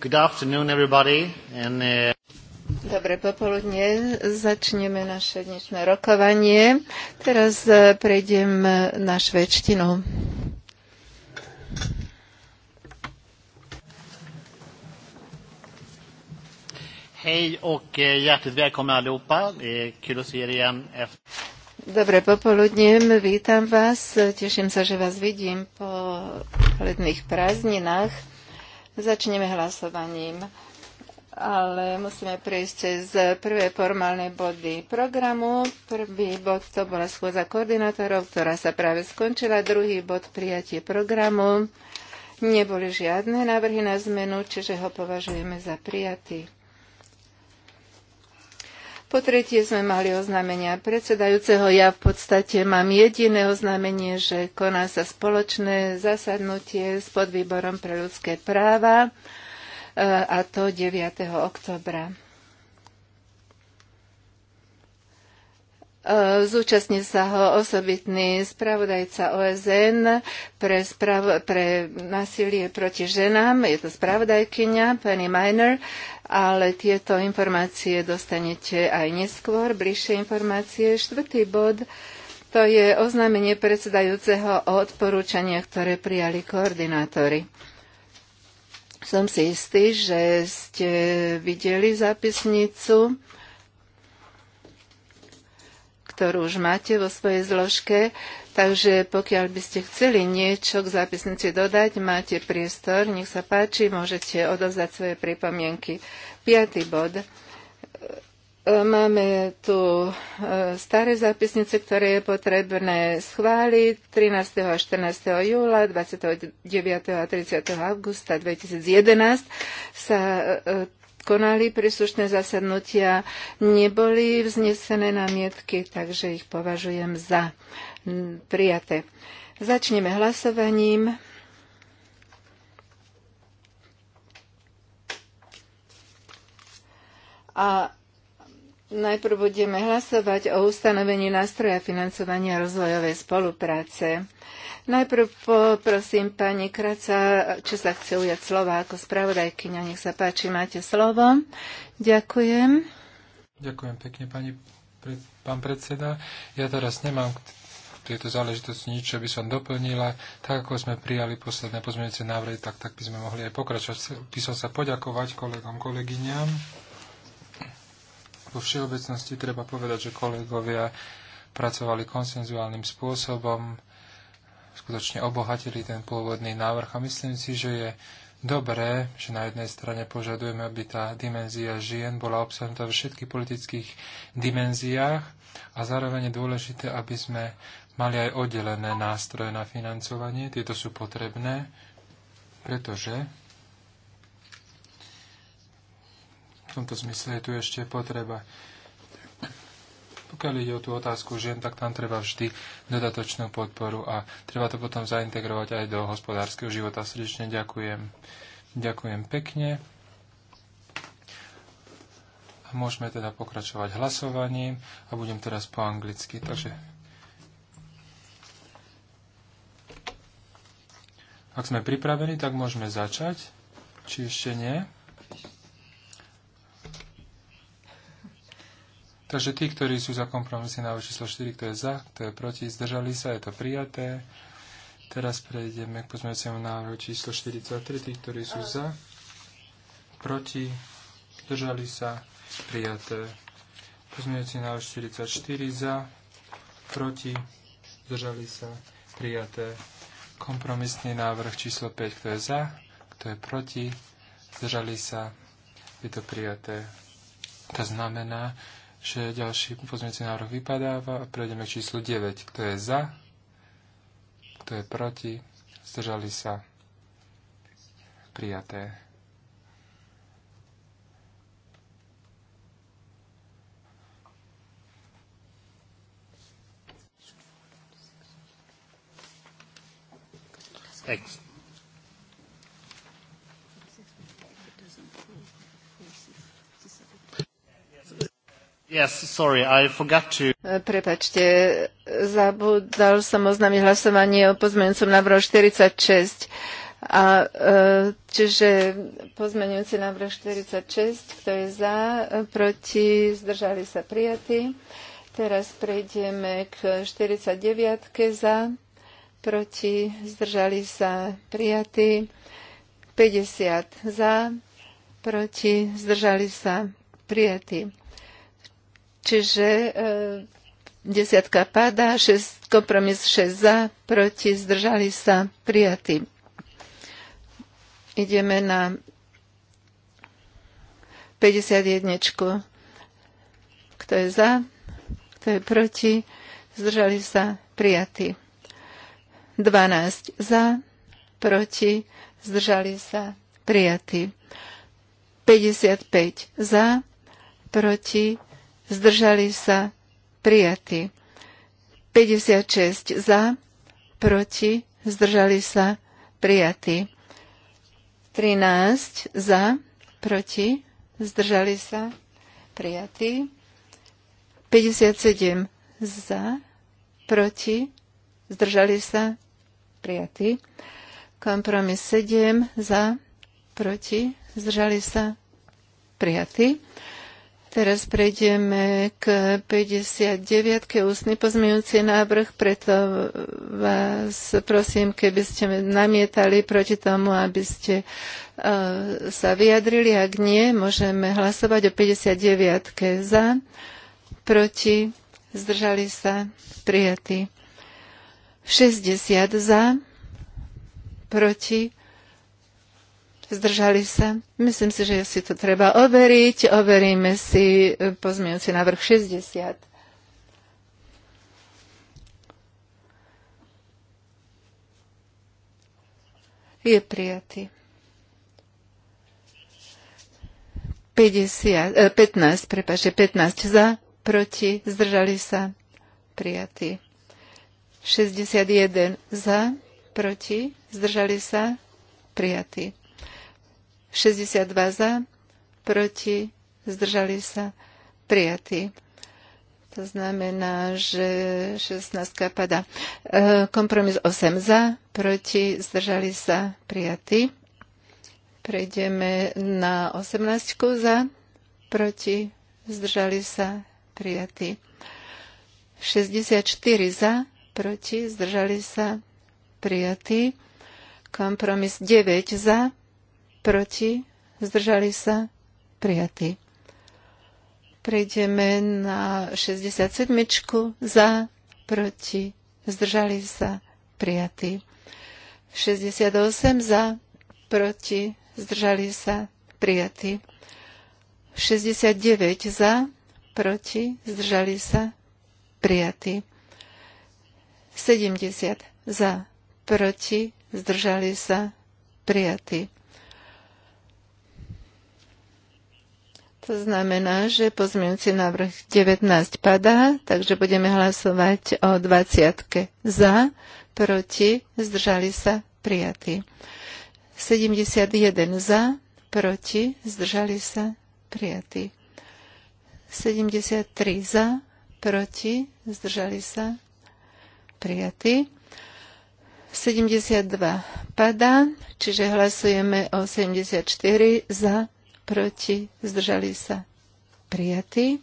Good afternoon, everybody. And, uh... Dobre popoludne, začneme naše dnešné rokovanie. Teraz eh, prejdem eh, na švedštinu. Hej och hjärtligt välkomna allihopa. Kul att se er igen. Dobré popoludne, vítam vás. Teším sa, že vás vidím po letných prázdninách. Začneme hlasovaním, ale musíme prejsť cez prvé formálne body programu. Prvý bod to bola schôdza koordinátorov, ktorá sa práve skončila. Druhý bod prijatie programu. Neboli žiadne návrhy na zmenu, čiže ho považujeme za prijatý. Po tretie sme mali oznámenia predsedajúceho. Ja v podstate mám jediné oznámenie, že koná sa spoločné zasadnutie s podvýborom pre ľudské práva e, a to 9. oktobra. E, Zúčastnil sa ho osobitný spravodajca OSN pre, sprav- pre násilie proti ženám. Je to spravodajkyňa pani Miner, ale tieto informácie dostanete aj neskôr, bližšie informácie. Štvrtý bod to je oznámenie predsedajúceho o odporúčania, ktoré prijali koordinátori. Som si istý, že ste videli zápisnicu ktorú už máte vo svojej zložke. Takže pokiaľ by ste chceli niečo k zápisnici dodať, máte priestor, nech sa páči, môžete odovzdať svoje pripomienky. Piatý bod. E, máme tu e, staré zápisnice, ktoré je potrebné schváliť 13. a 14. júla, 29. a 30. augusta 2011 sa e, konali príslušné zasadnutia, neboli vznesené námietky, takže ich považujem za prijaté. Začneme hlasovaním. A najprv budeme hlasovať o ustanovení nástroja financovania rozvojovej spolupráce. Najprv poprosím pani Kraca, čo sa chce ujať slova ako spravodajkyňa. Nech sa páči, máte slovo. Ďakujem. Ďakujem pekne, pani, pre, pán predseda. Ja teraz nemám k tejto záležitosti nič, čo by som doplnila. Tak ako sme prijali posledné pozmeňujúce návrhy, tak, tak by sme mohli aj pokračovať. By som sa poďakovať kolegom, kolegyňam. Vo všeobecnosti treba povedať, že kolegovia pracovali konsenzuálnym spôsobom skutočne obohatili ten pôvodný návrh a myslím si, že je dobré, že na jednej strane požadujeme, aby tá dimenzia žien bola obsahnutá vo všetkých politických dimenziách a zároveň je dôležité, aby sme mali aj oddelené nástroje na financovanie. Tieto sú potrebné, pretože v tomto zmysle je tu ešte potreba pokiaľ ide o tú otázku žien, tak tam treba vždy dodatočnú podporu a treba to potom zaintegrovať aj do hospodárskeho života. Srdečne ďakujem. Ďakujem pekne. A môžeme teda pokračovať hlasovaním a budem teraz po anglicky. Takže ak sme pripravení, tak môžeme začať. Či ešte nie? Takže tí, ktorí sú za kompromisy na číslo 4, kto je za, kto je proti, zdržali sa, je to prijaté. Teraz prejdeme k pozmeňujúcemu návrhu číslo 43, tí, ktorí sú za, proti, zdržali sa, prijaté. Pozmeňujúci návrh 44 za, proti, zdržali sa, prijaté. Kompromisný návrh číslo 5, kto je za, kto je proti, zdržali sa, je to prijaté. To znamená, že ďalší pozmeňujúci návrh vypadáva a prejdeme k číslu 9. Kto je za? Kto je proti? Zdržali sa? Prijaté. Thanks. Yes, sorry, I forgot to... E, prepačte, zabudal som oznámiť hlasovanie o pozmeňujúcom návrhu 46. A, e, čiže pozmeňujúci návrh 46, kto je za, e, proti, zdržali sa prijatí. Teraz prejdeme k 49 za, proti, zdržali sa prijatí. 50 za, proti, zdržali sa prijatí. Čiže e, desiatka padá, šest, kompromis 6 za, proti, zdržali sa, prijatí. Ideme na 51. Kto je za? Kto je proti? Zdržali sa, prijatí. 12 za, proti, zdržali sa, prijatí. 55 za, proti, zdržali sa prijatí. 56 za, proti, zdržali sa prijatí. 13 za, proti, zdržali sa prijatí. 57 za, proti, zdržali sa prijatí. Kompromis 7 za, proti, zdržali sa prijatí. Teraz prejdeme k 59. ústny pozmeňujúci návrh, preto vás prosím, keby ste namietali proti tomu, aby ste e, sa vyjadrili. Ak nie, môžeme hlasovať o 59. za, proti, zdržali sa, prijatí. 60 za, proti, zdržali sa. Myslím si, že si to treba overiť. Overíme si na vrch 60. Je prijatý. 50, 15, prepáče, 15 za, proti, zdržali sa, prijatý. 61 za, proti, zdržali sa, prijatý. 62 za, proti, zdržali sa, prijatí. To znamená, že 16 pada. E, kompromis 8 za, proti, zdržali sa, prijatí. Prejdeme na 18 za, proti, zdržali sa, prijatí. 64 za, proti, zdržali sa, prijatí. Kompromis 9 za, proti, zdržali sa, prijatí. Prejdeme na 67. za, proti, zdržali sa, prijatí. 68 za, proti, zdržali sa, prijatí. 69 za, proti, zdržali sa, prijatí. 70 za, proti, zdržali sa, prijatí. To znamená, že pozmeňujúci návrh 19 padá, takže budeme hlasovať o 20 za, proti, zdržali sa, prijatí. 71 za, proti, zdržali sa, prijatí. 73 za, proti, zdržali sa, prijatí. 72 padá, čiže hlasujeme o 74 za, proti, zdržali sa prijatí.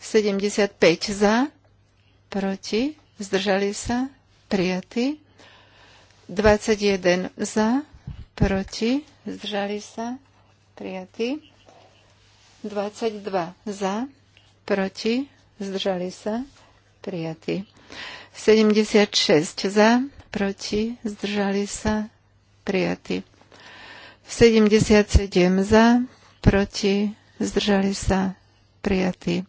75 za, proti, zdržali sa prijatí. 21 za, proti, zdržali sa prijatí. 22 za, proti, zdržali sa prijatí. 76 za, proti, zdržali sa prijatí. 77 za, proti, zdržali sa prijatí.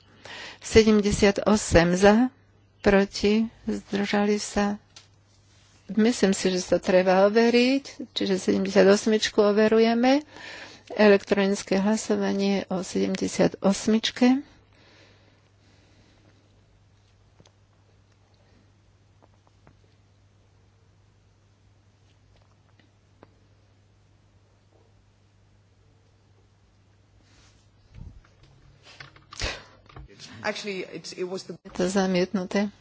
78 za, proti, zdržali sa. Myslím si, že sa treba overiť, čiže 78 overujeme. Elektronické hlasovanie o 78. to zamietnuté.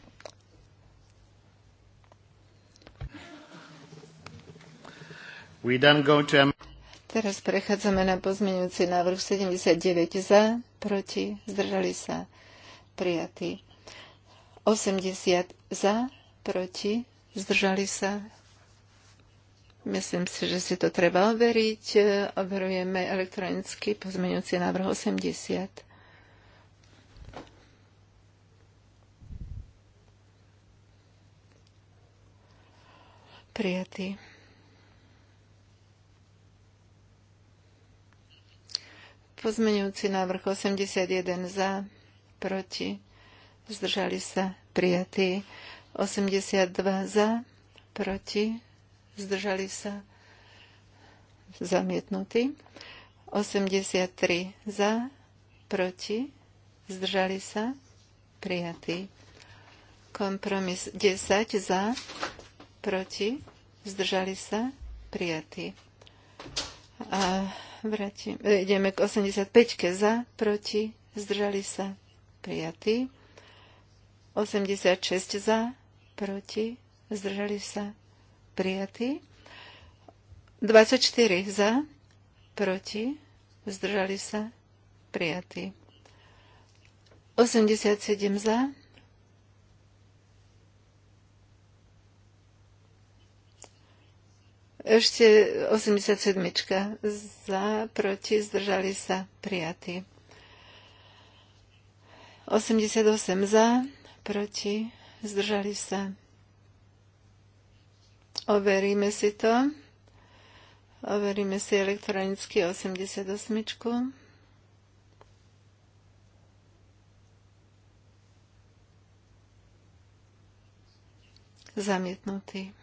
Teraz prechádzame na pozmeňujúci návrh 79 za, proti, zdržali sa, prijatí. 80 za, proti, zdržali sa. Myslím si, že si to treba overiť. Overujeme elektronicky pozmeňujúci návrh 80. prijatý. Pozmeňujúci návrh 81 za, proti, zdržali sa prijatí. 82 za, proti, zdržali sa zamietnutí. 83 za, proti, zdržali sa prijatí. Kompromis 10 za, proti, zdržali sa, prijatí A vrátim, e, ideme k 85-ke za, proti, zdržali sa, prijatí. 86 za, proti, zdržali sa, prijatí. 24 za, proti, zdržali sa, prijatí. 87 za, Ešte 87. Za, proti, zdržali sa, prijatí. 88 za, proti, zdržali sa. Overíme si to. Overíme si elektronicky 88. Zamietnutý.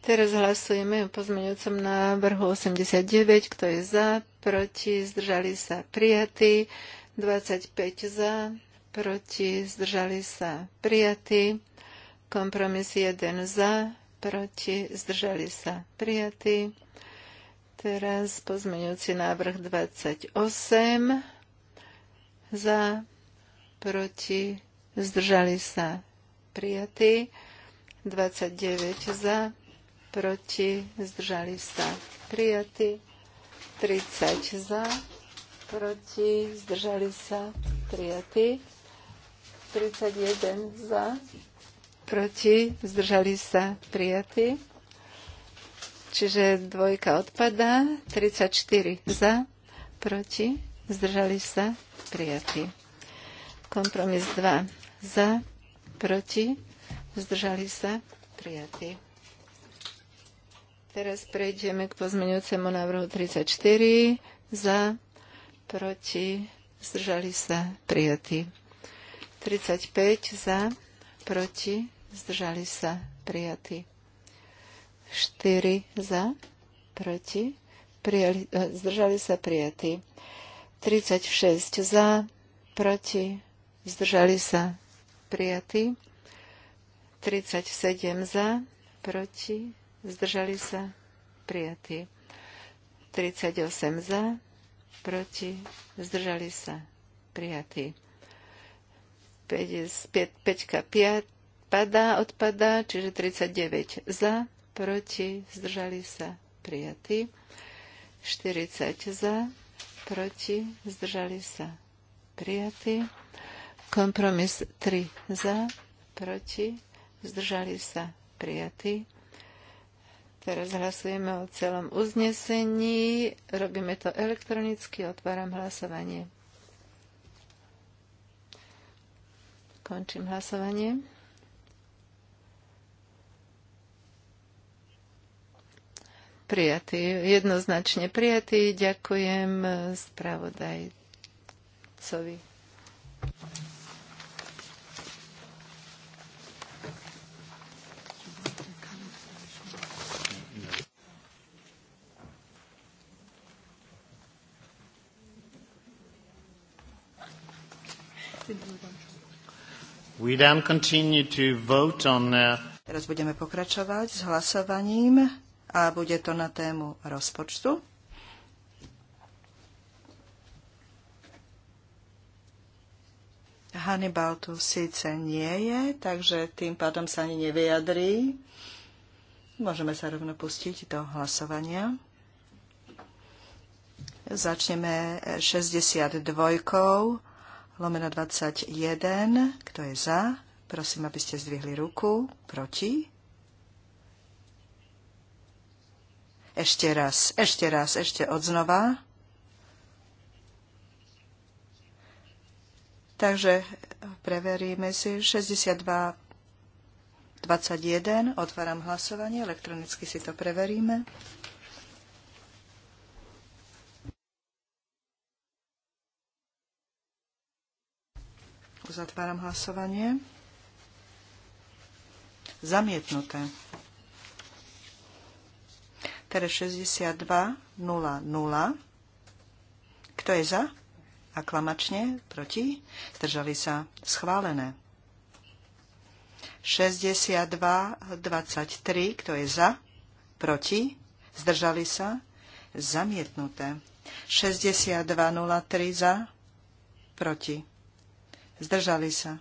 Teraz hlasujeme o pozmeňujúcom návrhu 89, kto je za, proti, zdržali sa prijatí, 25 za, proti, zdržali sa prijatí, kompromis 1 za, proti, zdržali sa prijatí. Teraz pozmeňujúci návrh 28 za, proti, zdržali sa prijatí, 29 za, proti, zdržali sa prijatí, 30 za, proti, zdržali sa prijatí, 31 za, proti, zdržali sa prijatí, čiže dvojka odpadá, 34 za, proti, zdržali sa prijatí. Kompromis 2 za, proti, zdržali sa prijatí. Teraz prejdeme k pozmeňujúcemu návrhu 34. Za, proti, zdržali sa, prijatí. 35 za, proti, zdržali sa, prijatí. 4 za, proti, prijali, eh, zdržali sa, prijatí. 36 za, proti, zdržali sa, prijatí. 37 za, proti, zdržali sa, prijatí. 38 za, proti, zdržali sa, prijatí. 5, 5, 5 padá, odpadá, čiže 39 za, proti, zdržali sa, prijatí. 40 za, proti, zdržali sa, prijatí. Kompromis 3 za, proti, zdržali sa, prijatí. Teraz hlasujeme o celom uznesení. Robíme to elektronicky. Otváram hlasovanie. Končím hlasovanie. Prijatý, jednoznačne prijatý. Ďakujem spravodajcovi. We then continue to vote on, uh... Teraz budeme pokračovať s hlasovaním a bude to na tému rozpočtu. Hannibal tu síce nie je, takže tým pádom sa ani nevyjadrí. Môžeme sa rovno pustiť do hlasovania. Začneme 62 lomeno 21. Kto je za? Prosím, aby ste zdvihli ruku. Proti? Ešte raz, ešte raz, ešte odznova. Takže preveríme si 62 21. Otváram hlasovanie, elektronicky si to preveríme. Uzatváram hlasovanie. Zamietnuté. Teraz 62.00. Kto je za? Aklamačne? Proti? Zdržali sa? Schválené. 62.23. Kto je za? Proti? Zdržali sa? Zamietnuté. 62.03 za? Proti? Zdržali sa.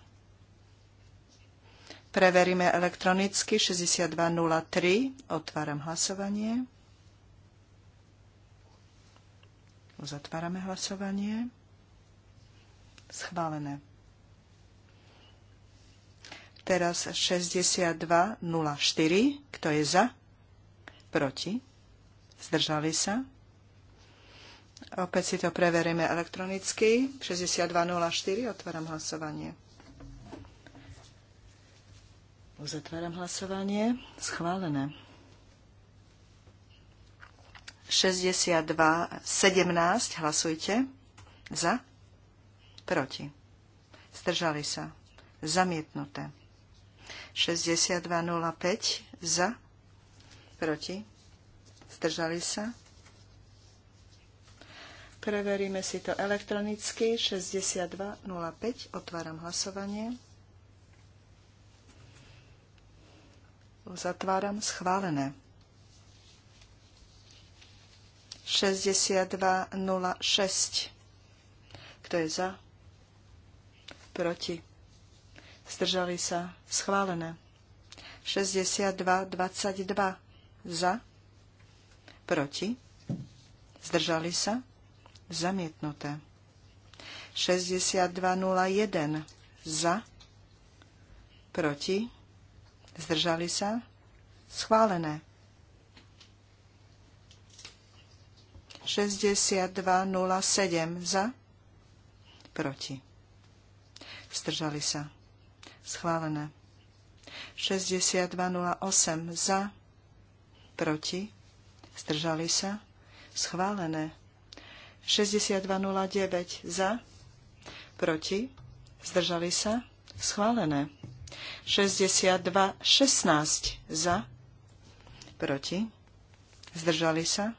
Preveríme elektronicky 6203. Otváram hlasovanie. Uzatvárame hlasovanie. Schválené. Teraz 6204. Kto je za? Proti? Zdržali sa? Opäť si to preveríme elektronicky. 6204, otváram hlasovanie. Uzatváram hlasovanie. Schválené. 62, 17, hlasujte. Za. Proti. Zdržali sa. Zamietnuté. 62, 05, za. Proti. Zdržali sa. Preveríme si to elektronicky. 62.05. Otváram hlasovanie. Zatváram schválené. 62.06. Kto je za? Proti. Zdržali sa. Schválené. 62.22. Za? Proti. Zdržali sa zamietnuté. 6201 za, proti, zdržali sa, schválené. 6207 za, proti, zdržali sa, schválené. 6208 za, proti, zdržali sa, schválené. 6209 za, proti, zdržali sa, schválené. 6216 za, proti, zdržali sa,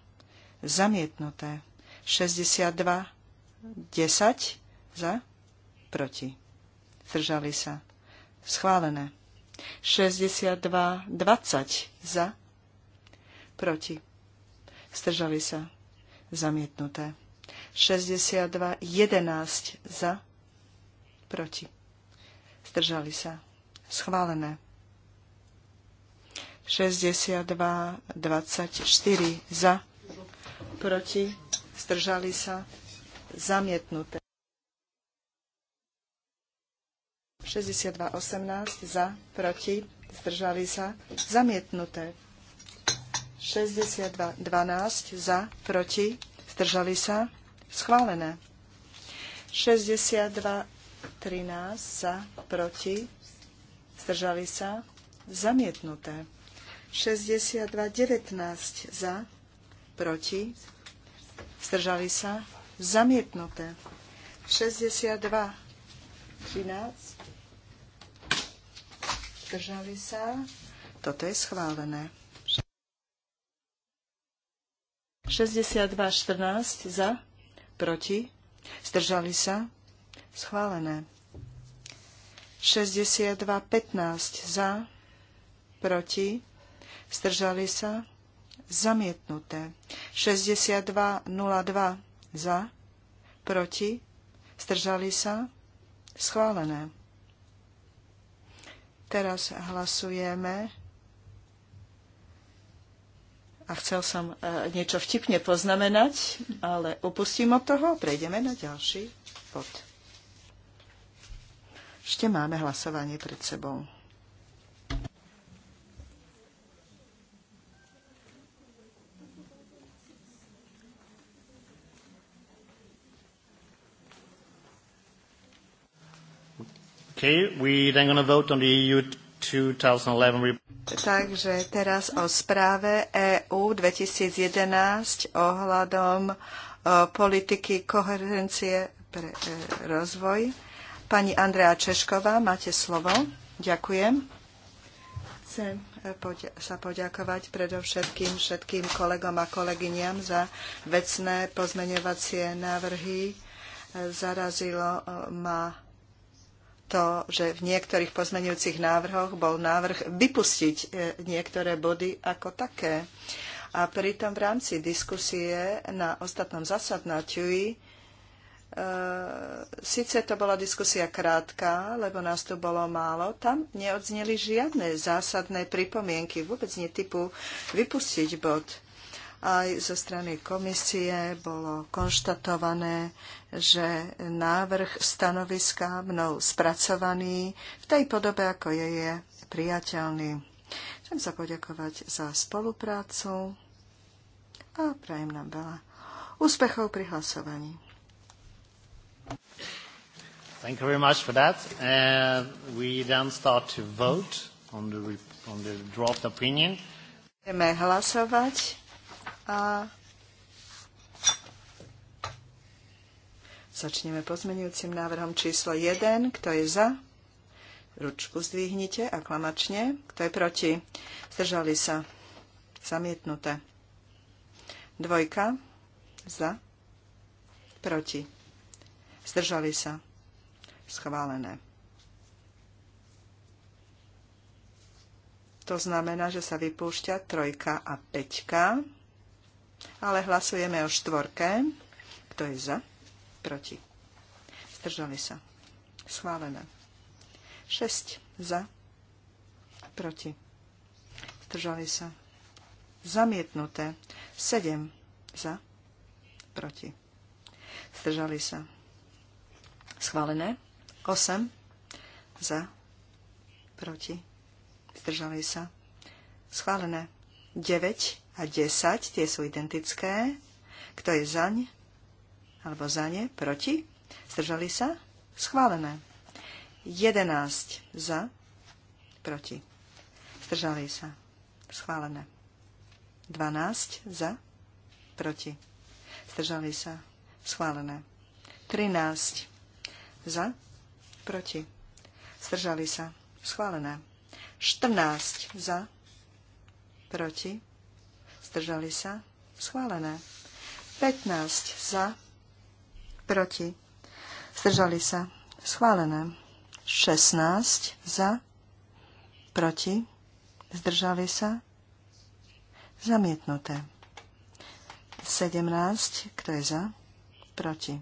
zamietnuté. 62 za, proti, zdržali sa, schválené. 62 20 za, proti, zdržali sa, zamietnuté. 62, 11 za, proti. Zdržali sa. Schválené. 62, 24 za, proti. Zdržali sa. Zamietnuté. 62, 18 za, proti. Zdržali sa. Zamietnuté. 62, 12 za, proti. Zdržali sa Schválené. 62, 13 za, proti, zdržali sa, zamietnuté. 62, 19 za, proti, zdržali sa, zamietnuté. 62, 13, zdržali sa, toto je schválené. 62, 14 za, proti, zdržali sa, schválené. 62.15 za, proti, zdržali sa, zamietnuté. 62.02 za, proti, zdržali sa, schválené. Teraz hlasujeme a chcel som e, niečo vtipne poznamenať, ale opustím od toho a prejdeme na ďalší bod. Ešte máme hlasovanie pred sebou. Okay, we then going to vote on the EU Takže teraz o správe EU 2011 ohľadom e, politiky koherencie pre e, rozvoj. Pani Andrea Češková, máte slovo. Ďakujem. Chcem e, sa poďakovať predovšetkým všetkým kolegom a kolegyňam za vecné pozmeňovacie návrhy. Zarazilo ma to, že v niektorých pozmenujúcich návrhoch bol návrh vypustiť e, niektoré body ako také. A pritom v rámci diskusie na ostatnom e, síce to bola diskusia krátka, lebo nás tu bolo málo, tam neodzneli žiadne zásadné pripomienky, vôbec nie typu vypustiť bod. Aj zo strany komisie bolo konštatované, že návrh stanoviska mnou spracovaný v tej podobe, ako je, je priateľný. Chcem sa poďakovať za spoluprácu a prajem nám veľa úspechov pri hlasovaní. Thank you very much for that. Uh, we then start to vote on the, on the draft opinion. Budeme hlasovať a začneme pozmenujúcim návrhom číslo 1. Kto je za? Ručku zdvihnite aklamačne. Kto je proti? Zdržali sa. Zamietnuté. Dvojka. Za. Proti. Zdržali sa. Schválené. To znamená, že sa vypúšťa trojka a peťka ale hlasujeme o štvorke. Kto je za? Proti. Zdržali sa. Schválené. 6 za. Proti. Zdržali sa. Zamietnuté. 7 za. Proti. Zdržali sa. Schválené. 8 za. Proti. Zdržali sa. Schválené. 9 a 10, tie sú identické. Kto je zaň? Alebo za ne? Proti? Zdržali sa? Schválené. 11 za, proti. Zdržali sa. Schválené. 12 za, proti. Zdržali sa. Schválené. 13 za, proti. Zdržali sa. Schválené. 14 za, proti proti, zdržali sa, schválené. 15 za, proti, zdržali sa, schválené. 16 za, proti, zdržali sa, zamietnuté. 17, kto je za, proti,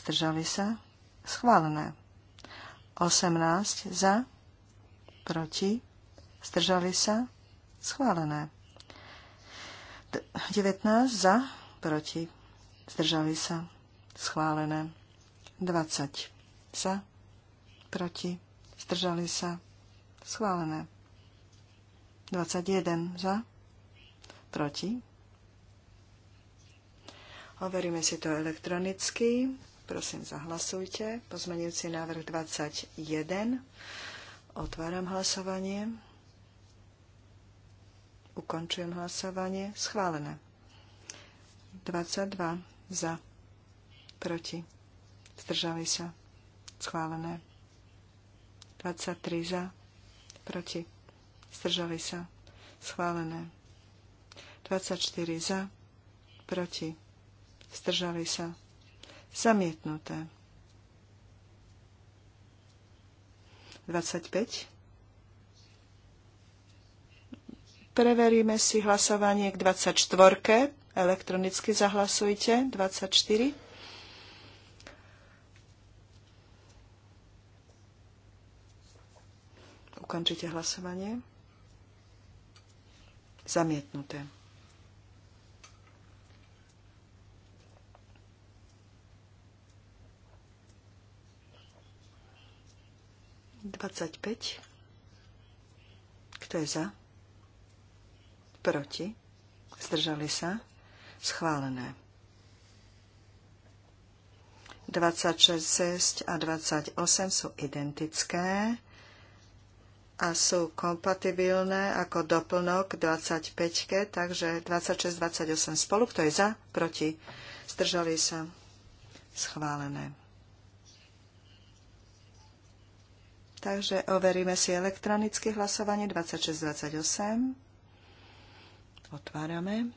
zdržali sa, schválené. 18 za, proti, zdržali sa, Schválené. 19 za, proti, zdržali sa. Schválené. 20 za, proti, zdržali sa. Schválené. 21 za, proti. Overíme si to elektronicky. Prosím, zahlasujte. Pozmenujúci návrh 21. Otváram hlasovanie. Ukončujem hlasovanie. Schválené. 22 za. Proti. Zdržali sa. Schválené. 23 za. Proti. Zdržali sa. Schválené. 24 za. Proti. Zdržali sa. Zamietnuté. 25 Preveríme si hlasovanie k 24. Elektronicky zahlasujte. 24. Ukončite hlasovanie. Zamietnuté. Dvadsať päť. Kto je za? proti, zdržali sa, schválené. 26, 6 a 28 sú identické a sú kompatibilné ako doplnok 25, takže 26, 28 spolu. Kto je za, proti, zdržali sa, schválené. Takže overíme si elektronicky hlasovanie 2628. Otvárame.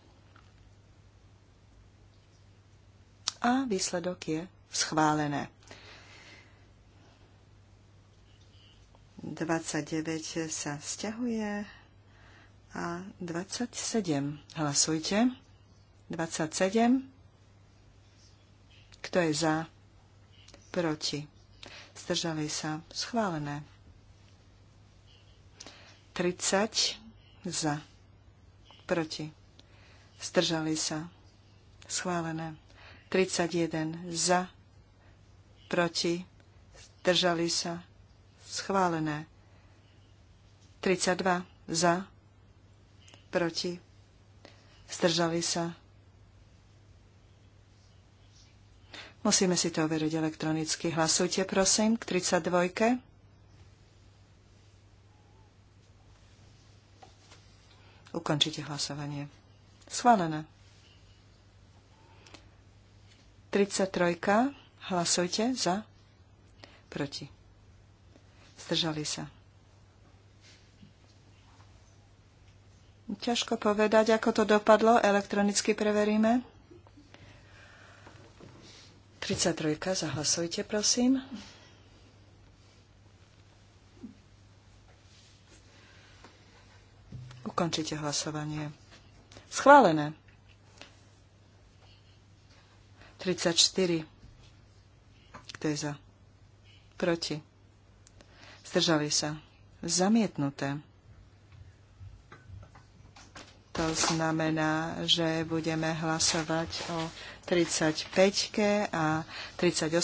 A výsledok je schválené. 29 sa stiahuje a 27. Hlasujte. 27. Kto je za? Proti. Zdržali sa. Schválené. 30 za proti, zdržali sa, schválené. 31 za, proti, zdržali sa, schválené. 32 za, proti, zdržali sa. Musíme si to overiť elektronicky. Hlasujte, prosím, k 32. Ukončite hlasovanie. Schválené. 33. Hlasujte za. Proti. Zdržali sa. Ťažko povedať, ako to dopadlo. Elektronicky preveríme. 33. Zahlasujte, prosím. Ukončite hlasovanie. Schválené. 34. Kto je za? Proti. Zdržali sa. Zamietnuté. To znamená, že budeme hlasovať o 35 a 38.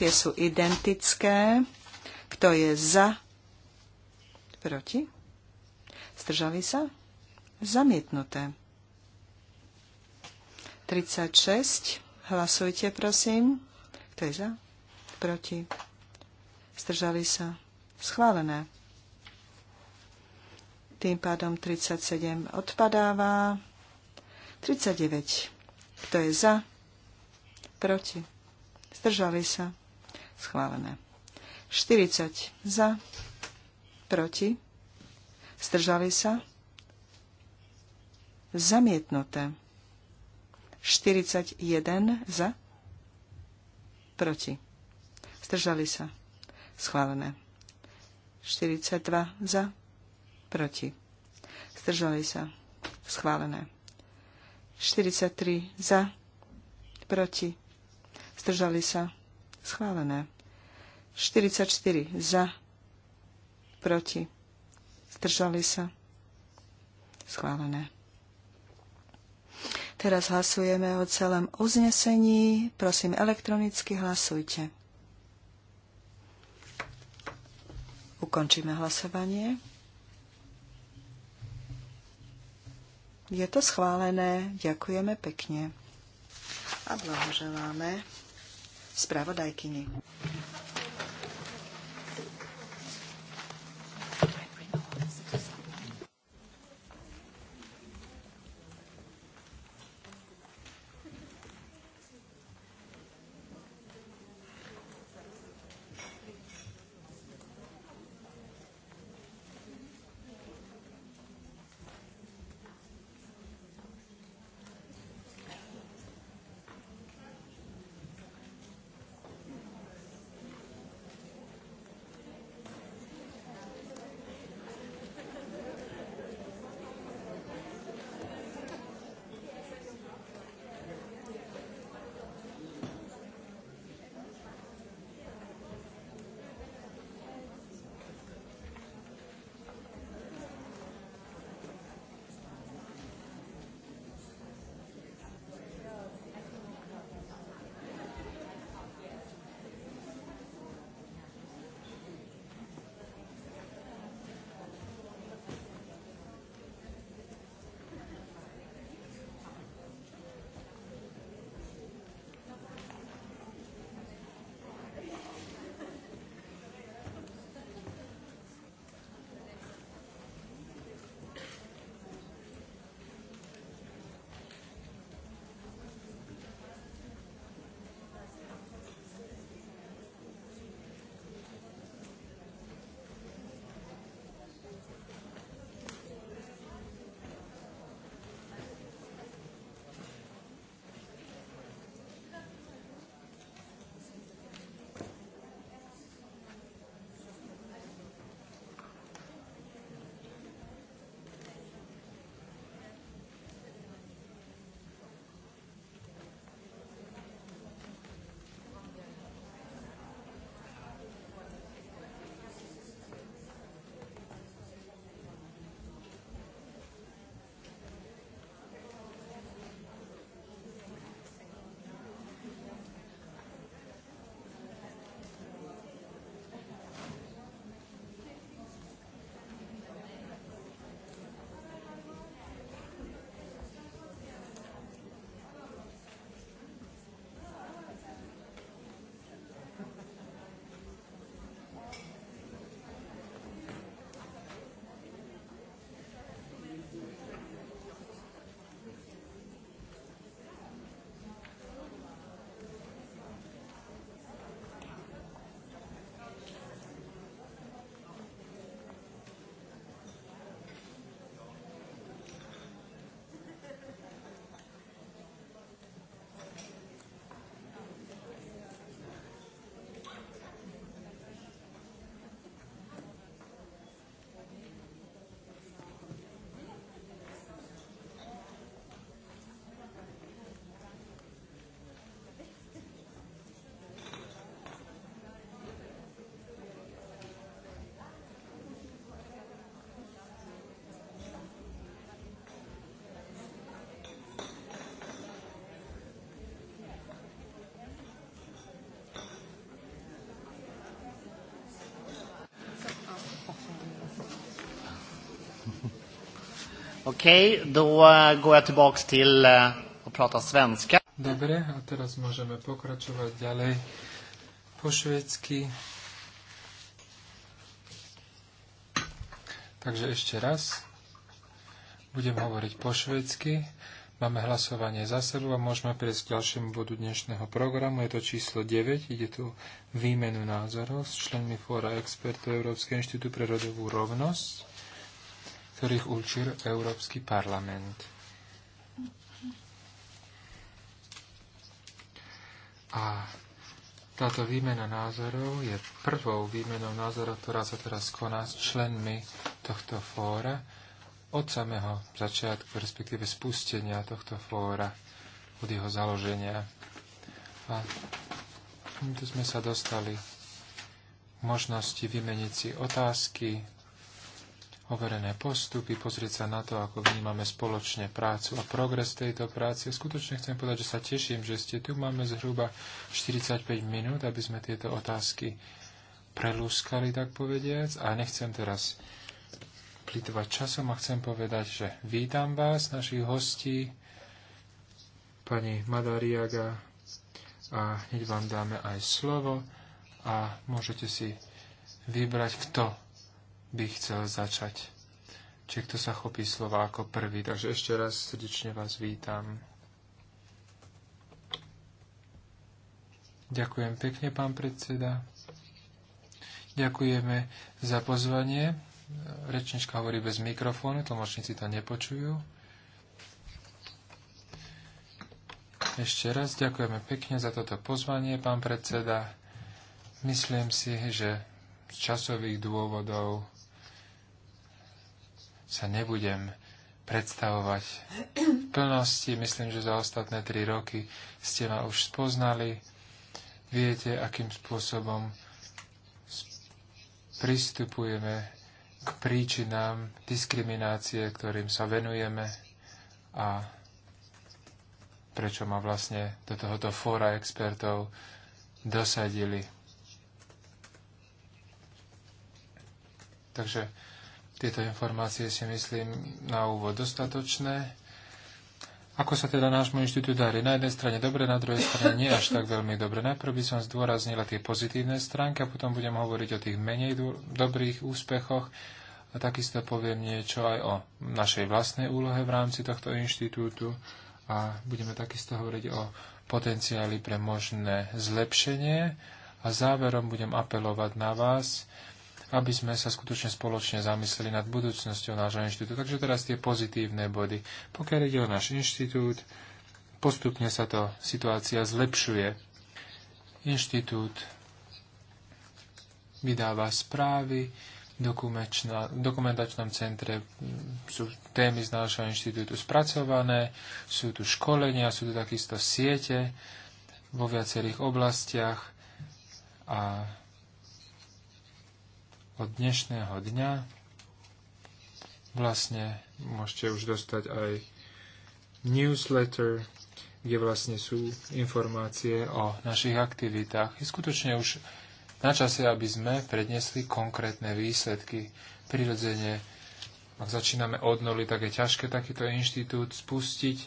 Tie sú identické. Kto je za? Proti? zdržali sa, zamietnuté. 36, hlasujte prosím. Kto je za? Proti? Zdržali sa? Schválené. Tým pádom 37 odpadáva. 39. Kto je za? Proti? Zdržali sa? Schválené. 40 za, proti, Zdržali sa? Zamietnuté. 41 za? Proti. Zdržali sa? Schválené. 42 za? Proti. Zdržali sa? Schválené. 43 za? Proti. Zdržali sa? Schválené. 44 za? Proti. Zdržali sa? Schválené. Teraz hlasujeme o celom uznesení. Prosím, elektronicky hlasujte. Ukončíme hlasovanie. Je to schválené. Ďakujeme pekne. A blahoželáme spravodajkyni. Okej, då eh, går jag tillbaks till eh, att prata svenska. Dobre, a teraz môžeme pokračovať ďalej po švedsky. Takže ešte raz. Budem hovoriť po švedsky. Máme hlasovanie za sebou a môžeme prejsť k ďalšiemu bodu dnešného programu. Je to číslo 9. Ide tu výmenu názorov s členmi fóra expertov Európskeho inštitútu pre rodovú rovnosť ktorých určil Európsky parlament. A táto výmena názorov je prvou výmenou názorov, ktorá sa teraz koná s členmi tohto fóra od samého začiatku, respektíve spustenia tohto fóra, od jeho založenia. A tu sme sa dostali možnosti vymeniť si otázky, overené postupy, pozrieť sa na to, ako vnímame spoločne prácu a progres tejto práce. Skutočne chcem povedať, že sa teším, že ste tu. Máme zhruba 45 minút, aby sme tieto otázky prelúskali, tak povediac. A nechcem teraz plitovať časom a chcem povedať, že vítam vás, našich hostí, pani Madariaga a hneď vám dáme aj slovo a môžete si vybrať, kto by chcel začať. Či kto sa chopí slova ako prvý. Takže ešte raz srdečne vás vítam. Ďakujem pekne, pán predseda. Ďakujeme za pozvanie. Rečnička hovorí bez mikrofónu, tlmočníci to nepočujú. Ešte raz ďakujeme pekne za toto pozvanie, pán predseda. Myslím si, že z časových dôvodov sa nebudem predstavovať v plnosti. Myslím, že za ostatné tri roky ste ma už spoznali. Viete, akým spôsobom pristupujeme k príčinám diskriminácie, ktorým sa venujeme a prečo ma vlastne do tohoto fóra expertov dosadili. Takže tieto informácie si myslím na úvod dostatočné. Ako sa teda nášmu inštitútu darí? Na jednej strane dobre, na druhej strane nie až tak veľmi dobre. Najprv by som zdôraznila tie pozitívne stránky a potom budem hovoriť o tých menej dobrých úspechoch a takisto poviem niečo aj o našej vlastnej úlohe v rámci tohto inštitútu a budeme takisto hovoriť o potenciáli pre možné zlepšenie a záverom budem apelovať na vás, aby sme sa skutočne spoločne zamysleli nad budúcnosťou nášho inštitútu. Takže teraz tie pozitívne body. Pokiaľ ide o náš inštitút, postupne sa to situácia zlepšuje. Inštitút vydáva správy, v dokumentačnom centre mm, sú témy z nášho inštitútu spracované, sú tu školenia, sú tu takisto siete vo viacerých oblastiach a od dnešného dňa vlastne môžete už dostať aj newsletter, kde vlastne sú informácie o našich aktivitách. Je skutočne už na čase, aby sme prednesli konkrétne výsledky. Prirodzene, ak začíname od nuly, tak je ťažké takýto inštitút spustiť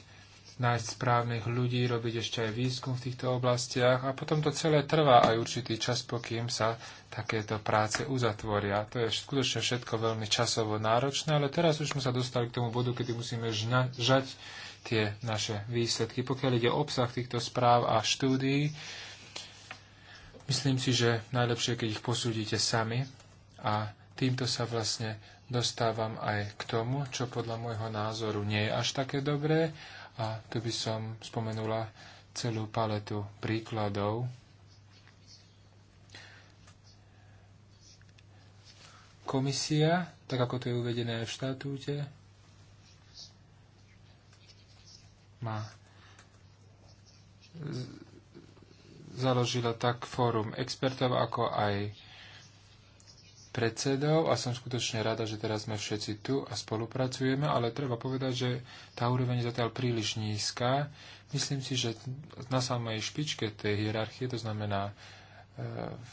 nájsť správnych ľudí, robiť ešte aj výskum v týchto oblastiach a potom to celé trvá aj určitý čas, pokým sa takéto práce uzatvoria. To je skutočne všetko veľmi časovo náročné, ale teraz už sme sa dostali k tomu bodu, kedy musíme žna- žať tie naše výsledky. Pokiaľ ide o obsah týchto správ a štúdií, myslím si, že najlepšie, keď ich posúdite sami a týmto sa vlastne dostávam aj k tomu, čo podľa môjho názoru nie je až také dobré, a tu by som spomenula celú paletu príkladov, komisia, tak ako to je uvedené v štatúte, má založila tak fórum expertov, ako aj predsedov a som skutočne rada, že teraz sme všetci tu a spolupracujeme, ale treba povedať, že tá úroveň je zatiaľ príliš nízka. Myslím si, že na samej špičke tej hierarchie, to znamená e, v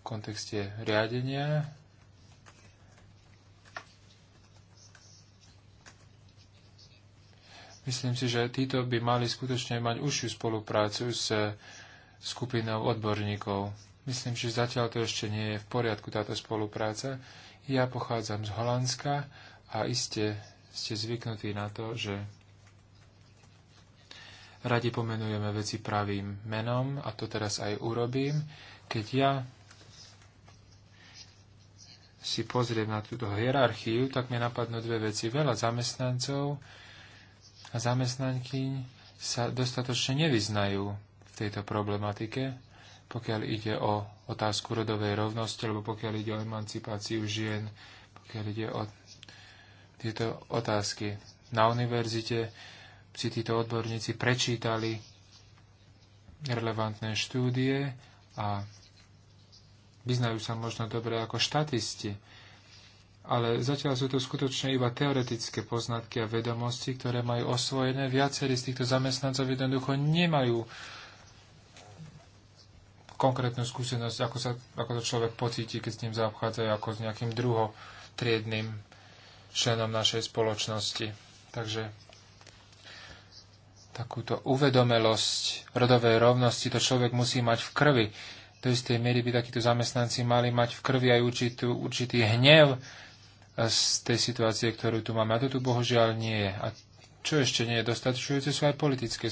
kontexte riadenia, myslím si, že títo by mali skutočne mať užšiu spoluprácu s skupinou odborníkov Myslím, že zatiaľ to ešte nie je v poriadku, táto spolupráca. Ja pochádzam z Holandska a iste ste zvyknutí na to, že radi pomenujeme veci pravým menom a to teraz aj urobím. Keď ja si pozriem na túto hierarchiu, tak mi napadnú dve veci. Veľa zamestnancov a zamestnankyň sa dostatočne nevyznajú v tejto problematike pokiaľ ide o otázku rodovej rovnosti, alebo pokiaľ ide o emancipáciu žien, pokiaľ ide o tieto otázky. Na univerzite si títo odborníci prečítali relevantné štúdie a vyznajú sa možno dobre ako štatisti, ale zatiaľ sú to skutočne iba teoretické poznatky a vedomosti, ktoré majú osvojené. Viacerí z týchto zamestnancov jednoducho nemajú konkrétnu skúsenosť, ako, sa, ako to človek pocíti, keď s ním zaobchádzajú ako s nejakým druhotriedným členom našej spoločnosti. Takže takúto uvedomelosť rodovej rovnosti to človek musí mať v krvi. Do istej miery by takíto zamestnanci mali mať v krvi aj určitú, určitý hnev z tej situácie, ktorú tu máme. A to tu bohužiaľ nie je. A čo ešte nie je dostačujúce, sú aj politické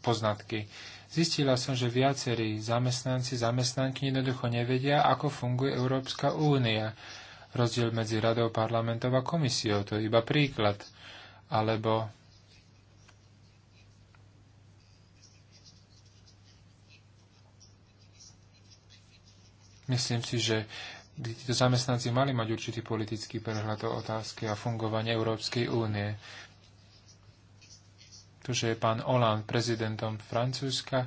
poznatky Zistila som, že viacerí zamestnanci, zamestnanky jednoducho nevedia, ako funguje Európska únia. Rozdiel medzi radou parlamentov a komisiou, to je iba príklad. Alebo Myslím si, že by títo zamestnanci mali mať určitý politický prehľad o otázke a fungovanie Európskej únie. Tuže je pán Hollande prezidentom Francúzska.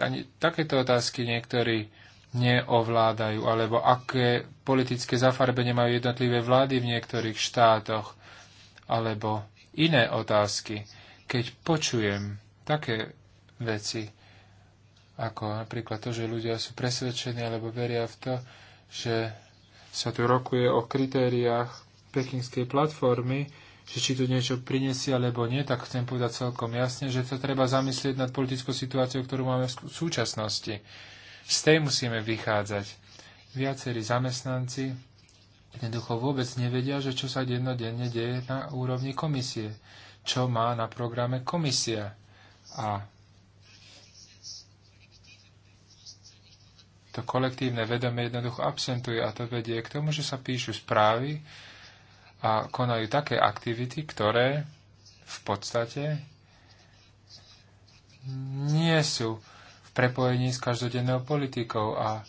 Ani takéto otázky niektorí neovládajú, alebo aké politické zafarbenie majú jednotlivé vlády v niektorých štátoch, alebo iné otázky. Keď počujem také veci, ako napríklad to, že ľudia sú presvedčení alebo veria v to, že sa tu rokuje o kritériách pekinskej platformy, že či tu niečo prinesie alebo nie, tak chcem povedať celkom jasne, že to treba zamyslieť nad politickou situáciou, ktorú máme v súčasnosti. Z tej musíme vychádzať. Viacerí zamestnanci jednoducho vôbec nevedia, že čo sa jednodenne deje na úrovni komisie, čo má na programe komisia. A to kolektívne vedomie jednoducho absentuje a to vedie k tomu, že sa píšu správy, a konajú také aktivity, ktoré v podstate nie sú v prepojení s každodennou politikou a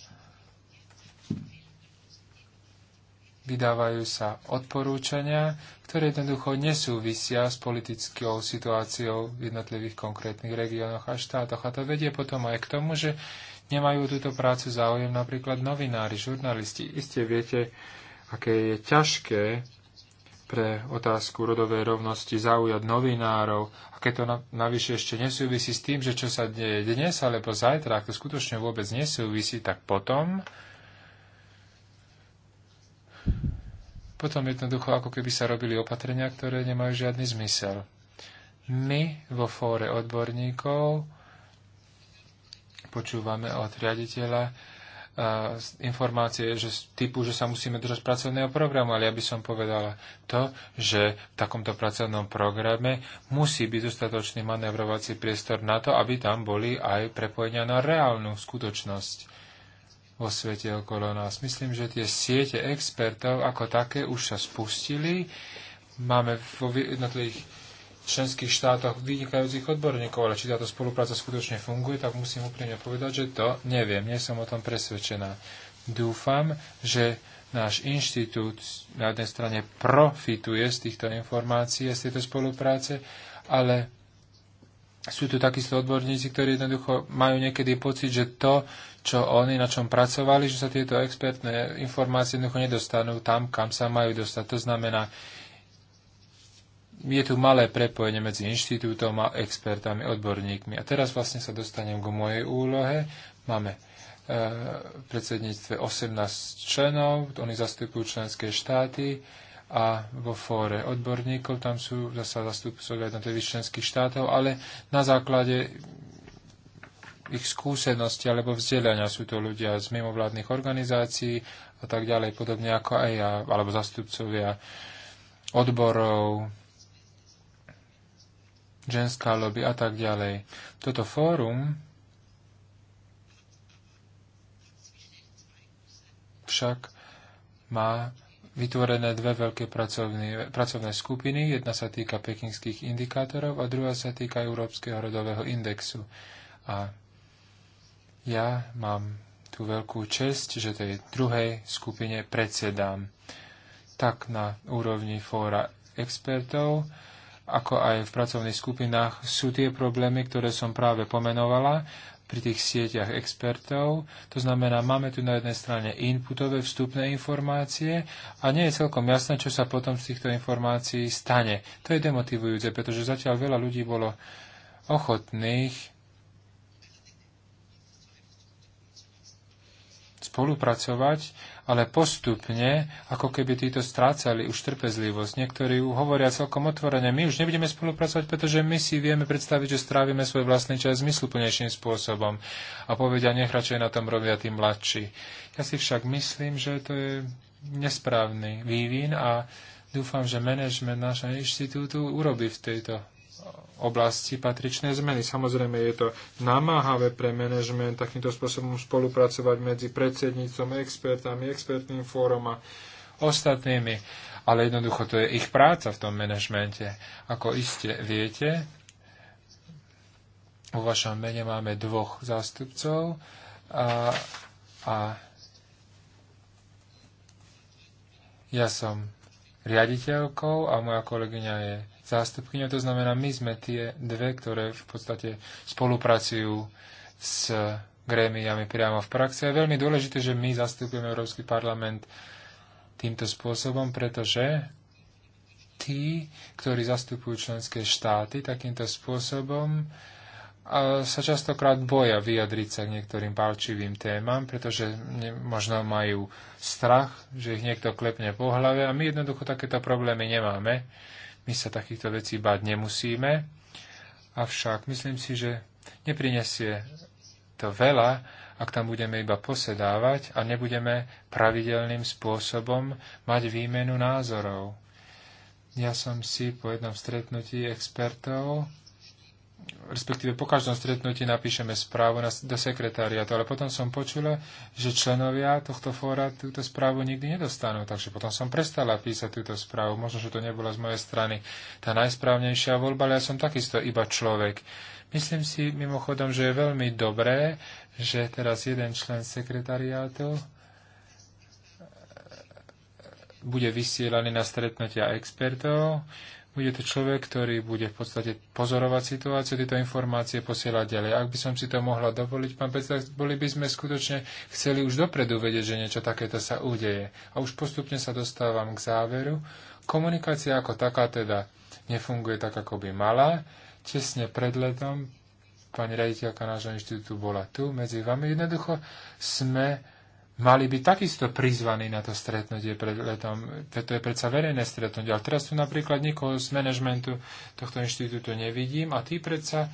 vydávajú sa odporúčania, ktoré jednoducho nesúvisia s politickou situáciou v jednotlivých konkrétnych regiónoch a štátoch. A to vedie potom aj k tomu, že nemajú túto prácu záujem napríklad novinári, žurnalisti. Isté viete, aké je ťažké pre otázku rodovej rovnosti zaujať novinárov. A keď to navyše ešte nesúvisí s tým, že čo sa deje dnes alebo zajtra, ak to skutočne vôbec nesúvisí, tak potom potom jednoducho ako keby sa robili opatrenia, ktoré nemajú žiadny zmysel. My vo fóre odborníkov počúvame od riaditeľa, informácie že, typu, že sa musíme držať pracovného programu, ale ja by som povedala to, že v takomto pracovnom programe musí byť dostatočný manevrovací priestor na to, aby tam boli aj prepojenia na reálnu skutočnosť vo svete okolo nás. Myslím, že tie siete expertov ako také už sa spustili. Máme vo jednotlivých členských štátoch vynikajúcich odborníkov, ale či táto spolupráca skutočne funguje, tak musím úprimne povedať, že to neviem, nie som o tom presvedčená. Dúfam, že náš inštitút na jednej strane profituje z týchto informácií a z tejto spolupráce, ale sú tu takisto odborníci, ktorí jednoducho majú niekedy pocit, že to, čo oni na čom pracovali, že sa tieto expertné informácie jednoducho nedostanú tam, kam sa majú dostať. To znamená, je tu malé prepojenie medzi inštitútom a expertami, odborníkmi. A teraz vlastne sa dostanem k mojej úlohe. Máme e, v predsedníctve 18 členov, oni zastupujú členské štáty a vo fóre odborníkov, tam sú zase zastupcovia jednotlivých členských štátov, ale na základe ich skúsenosti alebo vzdelania sú to ľudia z mimovládnych organizácií a tak ďalej, podobne ako aj ja, alebo zastupcovia odborov, ženská lobby a tak ďalej. Toto fórum však má vytvorené dve veľké pracovné, pracovné skupiny. Jedna sa týka pekinských indikátorov a druhá sa týka Európskeho rodového indexu. A ja mám tú veľkú čest, že tej druhej skupine predsedám. Tak na úrovni fóra expertov, ako aj v pracovných skupinách, sú tie problémy, ktoré som práve pomenovala pri tých sieťach expertov. To znamená, máme tu na jednej strane inputové vstupné informácie a nie je celkom jasné, čo sa potom z týchto informácií stane. To je demotivujúce, pretože zatiaľ veľa ľudí bolo ochotných spolupracovať, ale postupne, ako keby títo strácali už trpezlivosť. Niektorí hovoria celkom otvorene, my už nebudeme spolupracovať, pretože my si vieme predstaviť, že strávime svoj vlastný čas zmysluplnejším spôsobom a povedia, nech radšej na tom robia tí mladší. Ja si však myslím, že to je nesprávny vývin a dúfam, že manažment nášho inštitútu urobí v tejto oblasti patričné zmeny. Samozrejme je to namáhavé pre manažment takýmto spôsobom spolupracovať medzi predsedníctvom, expertami, expertným fórom a ostatnými. Ale jednoducho to je ich práca v tom manažmente. Ako iste viete, vo vašom mene máme dvoch zástupcov a, a ja som riaditeľkou a moja kolegyňa je zástupkyňou. To znamená, my sme tie dve, ktoré v podstate spolupracujú s grémiami priamo v praxi. Je veľmi dôležité, že my zastupujeme Európsky parlament týmto spôsobom, pretože tí, ktorí zastupujú členské štáty takýmto spôsobom, sa častokrát boja vyjadriť sa k niektorým palčivým témam, pretože možno majú strach, že ich niekto klepne po hlave a my jednoducho takéto problémy nemáme. My sa takýchto vecí báť nemusíme, avšak myslím si, že neprinesie to veľa, ak tam budeme iba posedávať a nebudeme pravidelným spôsobom mať výmenu názorov. Ja som si po jednom stretnutí expertov respektíve po každom stretnutí napíšeme správu na, do sekretariatu, ale potom som počula, že členovia tohto fóra túto správu nikdy nedostanú, takže potom som prestala písať túto správu. Možno, že to nebola z mojej strany tá najsprávnejšia voľba, ale ja som takisto iba človek. Myslím si mimochodom, že je veľmi dobré, že teraz jeden člen sekretariátu e, e, e, bude vysielaný na stretnutia expertov, bude to človek, ktorý bude v podstate pozorovať situáciu, tieto informácie posielať ďalej. Ak by som si to mohla dovoliť, pán Pec, boli by sme skutočne chceli už dopredu vedieť, že niečo takéto sa udeje. A už postupne sa dostávam k záveru. Komunikácia ako taká teda nefunguje tak, ako by mala. Česne pred letom pani raditeľka nášho inštitútu bola tu medzi vami. Jednoducho sme mali byť takisto prizvaní na to stretnutie pred letom. To je predsa verejné stretnutie. Ale teraz tu napríklad nikoho z manažmentu tohto inštitútu nevidím a tí predsa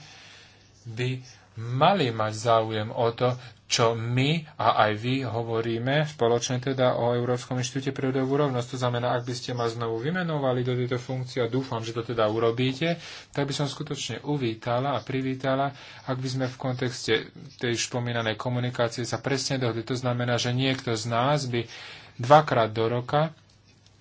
by mali mať záujem o to, čo my a aj vy hovoríme spoločne teda o Európskom inštitúte pre rovnosť. To znamená, ak by ste ma znovu vymenovali do tejto funkcie a dúfam, že to teda urobíte, tak by som skutočne uvítala a privítala, ak by sme v kontexte tej spomínanej komunikácie sa presne dohodli. To znamená, že niekto z nás by dvakrát do roka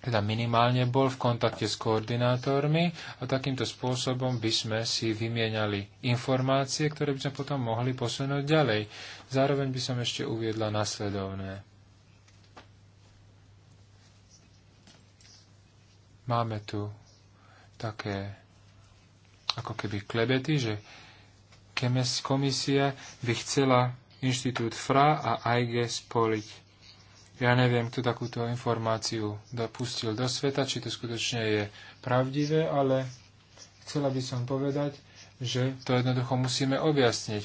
teda minimálne bol v kontakte s koordinátormi a takýmto spôsobom by sme si vymieniali informácie, ktoré by sme potom mohli posunúť ďalej. Zároveň by som ešte uviedla nasledovné. Máme tu také ako keby klebety, že komisia by chcela inštitút FRA a AIGE spoliť ja neviem, kto takúto informáciu dopustil do sveta, či to skutočne je pravdivé, ale chcela by som povedať, že to jednoducho musíme objasniť.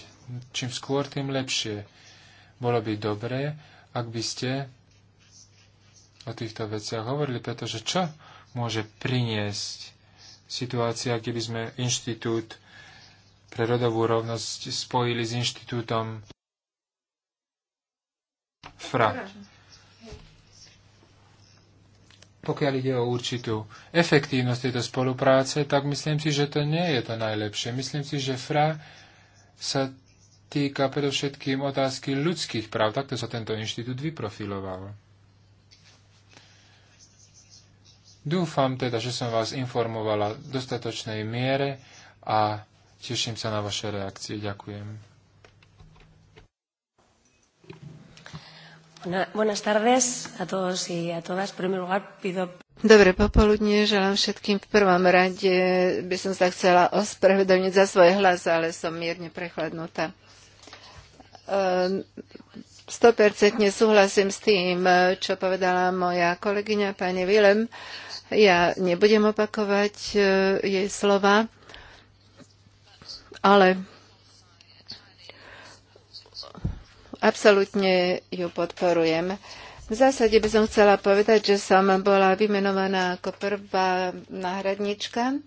Čím skôr, tým lepšie. Bolo by dobré, ak by ste o týchto veciach hovorili, pretože čo môže priniesť situácia, keby sme inštitút pre rodovú rovnosť spojili s inštitútom FRA pokiaľ ide o určitú efektívnosť tejto spolupráce, tak myslím si, že to nie je to najlepšie. Myslím si, že FRA sa týka predovšetkým otázky ľudských práv. Takto sa tento inštitút vyprofiloval. Dúfam teda, že som vás informovala v dostatočnej miere a teším sa na vaše reakcie. Ďakujem. Dobre popoludne, želám všetkým. V prvom rade by som sa chcela ospravedlniť za svoj hlas, ale som mierne prechladnutá. 100% ehm, súhlasím s tým, čo povedala moja kolegyňa pani Vilem. Ja nebudem opakovať eh, jej slova, ale absolútne ju podporujem. V zásade by som chcela povedať, že som bola vymenovaná ako prvá náhradnička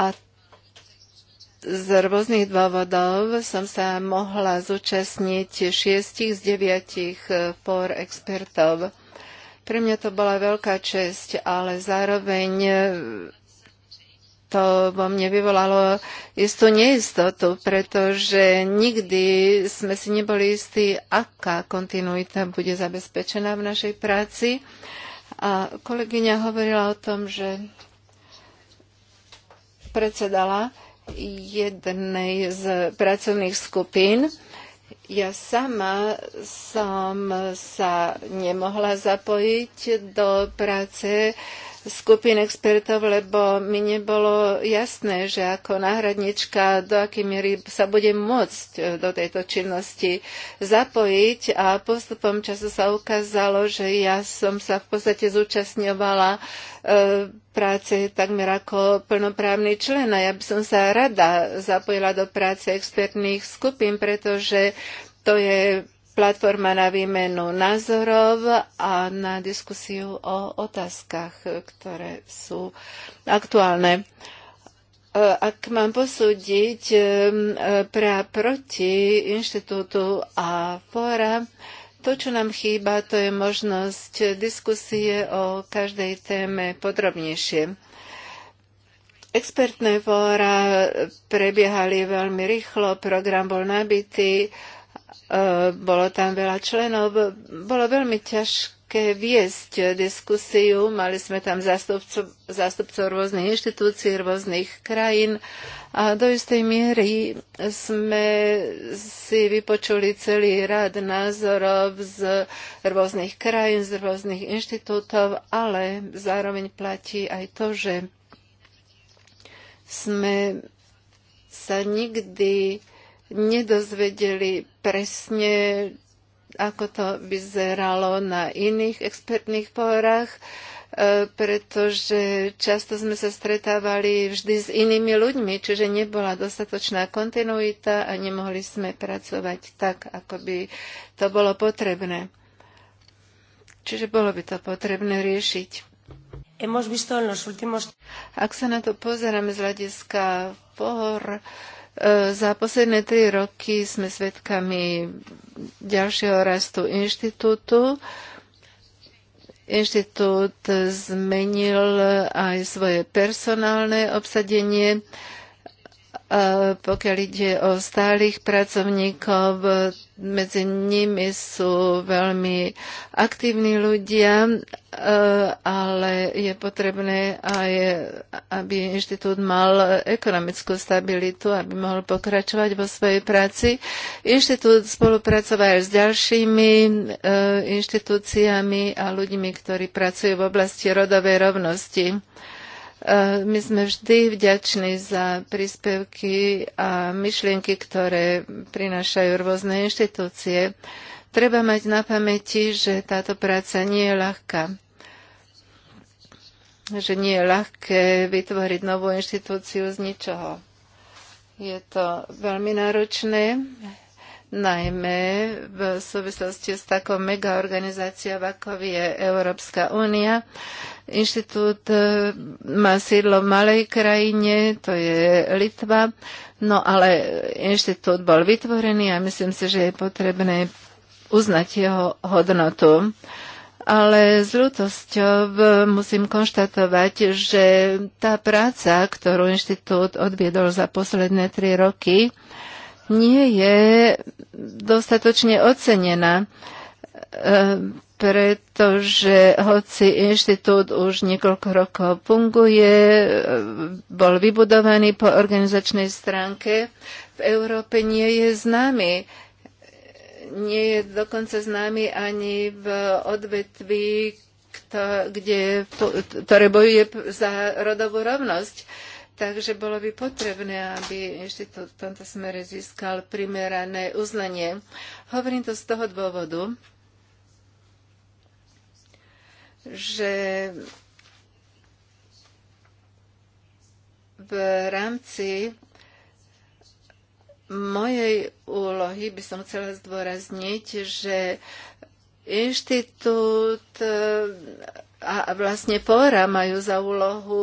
a z rôznych dôvodov som sa mohla zúčastniť šiestich z deviatich por expertov. Pre mňa to bola veľká česť, ale zároveň to vo mne vyvolalo istú neistotu, pretože nikdy sme si neboli istí, aká kontinuita bude zabezpečená v našej práci. A kolegyňa hovorila o tom, že predsedala jednej z pracovných skupín. Ja sama som sa nemohla zapojiť do práce skupín expertov, lebo mi nebolo jasné, že ako náhradnička, do akej miery sa budem môcť e, do tejto činnosti zapojiť a postupom času sa ukázalo, že ja som sa v podstate zúčastňovala e, práce takmer ako plnoprávny člen a ja by som sa rada zapojila do práce expertných skupín, pretože to je platforma na výmenu názorov a na diskusiu o otázkach, ktoré sú aktuálne. E, ak mám posúdiť e, pra proti inštitútu a fóra, to, čo nám chýba, to je možnosť diskusie o každej téme podrobnejšie. Expertné fóra prebiehali veľmi rýchlo, program bol nabitý, E, bolo tam veľa členov. Bolo veľmi ťažké viesť diskusiu. Mali sme tam zástupcov, zástupcov rôznych inštitúcií, rôznych krajín a do istej miery sme si vypočuli celý rad názorov z rôznych krajín, z rôznych inštitútov, ale zároveň platí aj to, že sme sa nikdy nedozvedeli presne, ako to vyzeralo na iných expertných porách, e, pretože často sme sa stretávali vždy s inými ľuďmi, čiže nebola dostatočná kontinuita a nemohli sme pracovať tak, ako by to bolo potrebné. Čiže bolo by to potrebné riešiť. Ak sa na to pozeráme z hľadiska pohor, za posledné tri roky sme svedkami ďalšieho rastu inštitútu. Inštitút zmenil aj svoje personálne obsadenie. Pokiaľ ide o stálych pracovníkov, medzi nimi sú veľmi aktívni ľudia, e, ale je potrebné aj, aby inštitút mal ekonomickú stabilitu, aby mohol pokračovať vo svojej práci. Inštitút spolupracoval aj s ďalšími e, inštitúciami a ľuďmi, ktorí pracujú v oblasti rodovej rovnosti. E, my sme vždy vďační za príspevky a myšlienky, ktoré prinášajú rôzne inštitúcie. Treba mať na pamäti, že táto práca nie je ľahká že nie je ľahké vytvoriť novú inštitúciu z ničoho. Je to veľmi náročné, najmä v súvislosti s takou megaorganizáciou, ako je Európska únia. Inštitút e, má sídlo v malej krajine, to je Litva, no ale inštitút bol vytvorený a myslím si, že je potrebné uznať jeho hodnotu ale s ľutosťou musím konštatovať, že tá práca, ktorú inštitút odviedol za posledné tri roky, nie je dostatočne ocenená e, pretože hoci inštitút už niekoľko rokov funguje, e, bol vybudovaný po organizačnej stránke, v Európe nie je známy. Nie je dokonca známy ani v odvetví, ktoré bojuje za rodovú rovnosť Takže bolo by potrebné, aby to, v tomto smere získal primerané uznanie. Hovorím to z toho dôvodu, že v rámci mojej úlohy by som chcela zdôrazniť, že inštitút a vlastne fóra majú za úlohu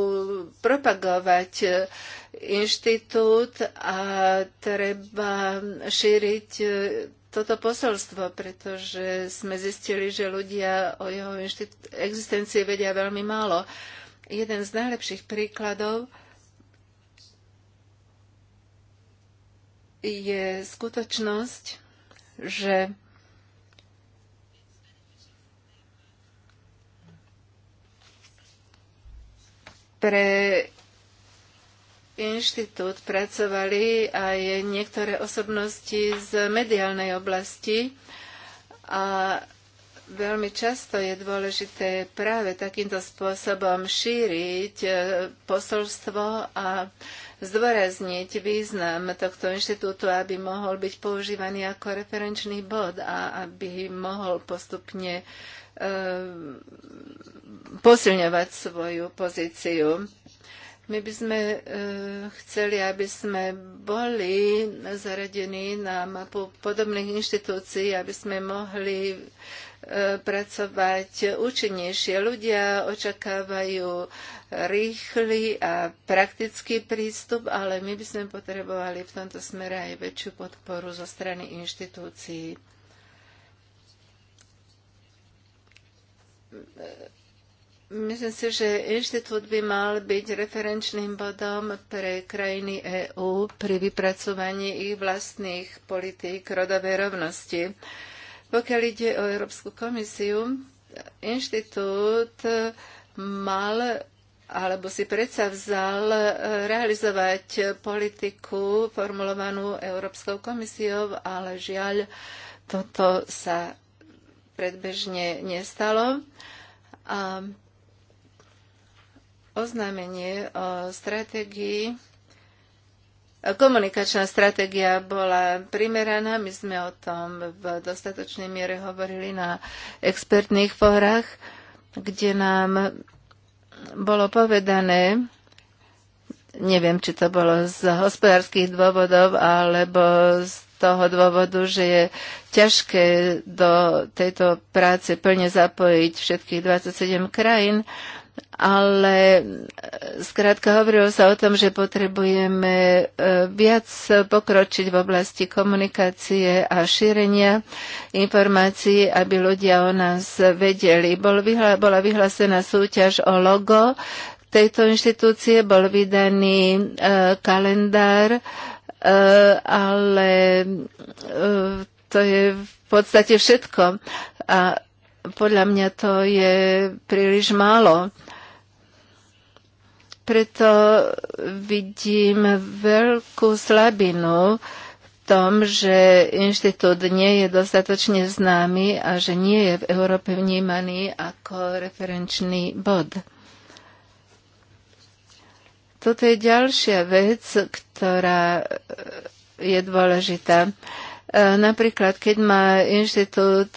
propagovať e, inštitút a treba šíriť e, toto posolstvo, pretože sme zistili, že ľudia o jeho existencii vedia veľmi málo. Jeden z najlepších príkladov je skutočnosť, že pre inštitút pracovali aj niektoré osobnosti z mediálnej oblasti a veľmi často je dôležité práve takýmto spôsobom šíriť e, posolstvo a zdôrazniť význam tohto inštitútu, aby mohol byť používaný ako referenčný bod a aby mohol postupne E, posilňovať svoju pozíciu. My by sme e, chceli, aby sme boli zaradení na mapu podobných inštitúcií, aby sme mohli e, pracovať účinnejšie. Ľudia očakávajú rýchly a praktický prístup, ale my by sme potrebovali v tomto smere aj väčšiu podporu zo strany inštitúcií. Myslím si, že inštitút by mal byť referenčným bodom pre krajiny EÚ pri vypracovaní ich vlastných politík rodovej rovnosti. Pokiaľ ide o Európsku komisiu, inštitút mal alebo si predsa vzal realizovať politiku formulovanú Európskou komisiou, ale žiaľ, toto sa predbežne nestalo. A oznámenie o stratégii Komunikačná stratégia bola primeraná, my sme o tom v dostatočnej miere hovorili na expertných fórach, kde nám bolo povedané, neviem, či to bolo z hospodárskych dôvodov alebo z toho dôvodu, že je ťažké do tejto práce plne zapojiť všetkých 27 krajín, ale zkrátka e, hovorilo sa o tom, že potrebujeme e, viac pokročiť v oblasti komunikácie a šírenia informácií, aby ľudia o nás vedeli. Bol vyhla, bola vyhlásená súťaž o logo tejto inštitúcie, bol vydaný e, kalendár, E, ale e, to je v podstate všetko. A podľa mňa to je príliš málo. Preto vidím veľkú slabinu v tom, že inštitút nie je dostatočne známy a že nie je v Európe vnímaný ako referenčný bod. Toto je ďalšia vec, ktorá e, je dôležitá. E, napríklad, keď má inštitút,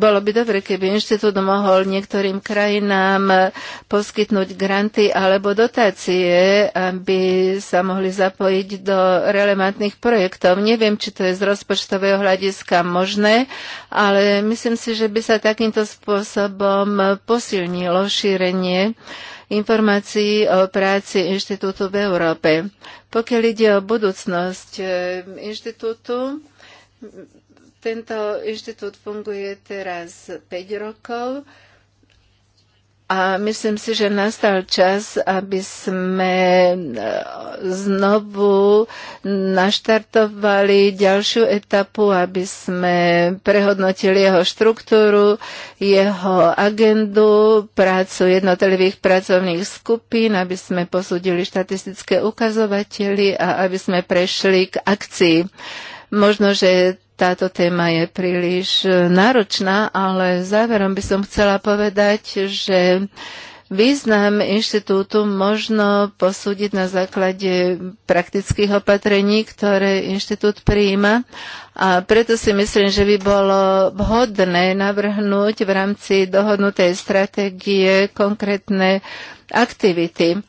bolo by dobre, keby inštitút mohol niektorým krajinám e, poskytnúť granty alebo dotácie, aby sa mohli zapojiť do relevantných projektov. Neviem, či to je z rozpočtového hľadiska možné, ale myslím si, že by sa takýmto spôsobom posilnilo šírenie uh, informácií o práci inštitútu v Európe. Pokiaľ ide o budúcnosť eh, inštitútu, tento inštitút funguje teraz 5 rokov a myslím si, že nastal čas, aby sme e, znovu naštartovali ďalšiu etapu, aby sme prehodnotili jeho štruktúru, jeho agendu, prácu jednotlivých pracovných skupín, aby sme posúdili štatistické ukazovately a aby sme prešli k akcii. Možno, že táto téma je príliš e, náročná, ale záverom by som chcela povedať, že Význam inštitútu možno posúdiť na základe praktických opatrení, ktoré inštitút prijíma a preto si myslím, že by bolo vhodné navrhnúť v rámci dohodnutej stratégie konkrétne aktivity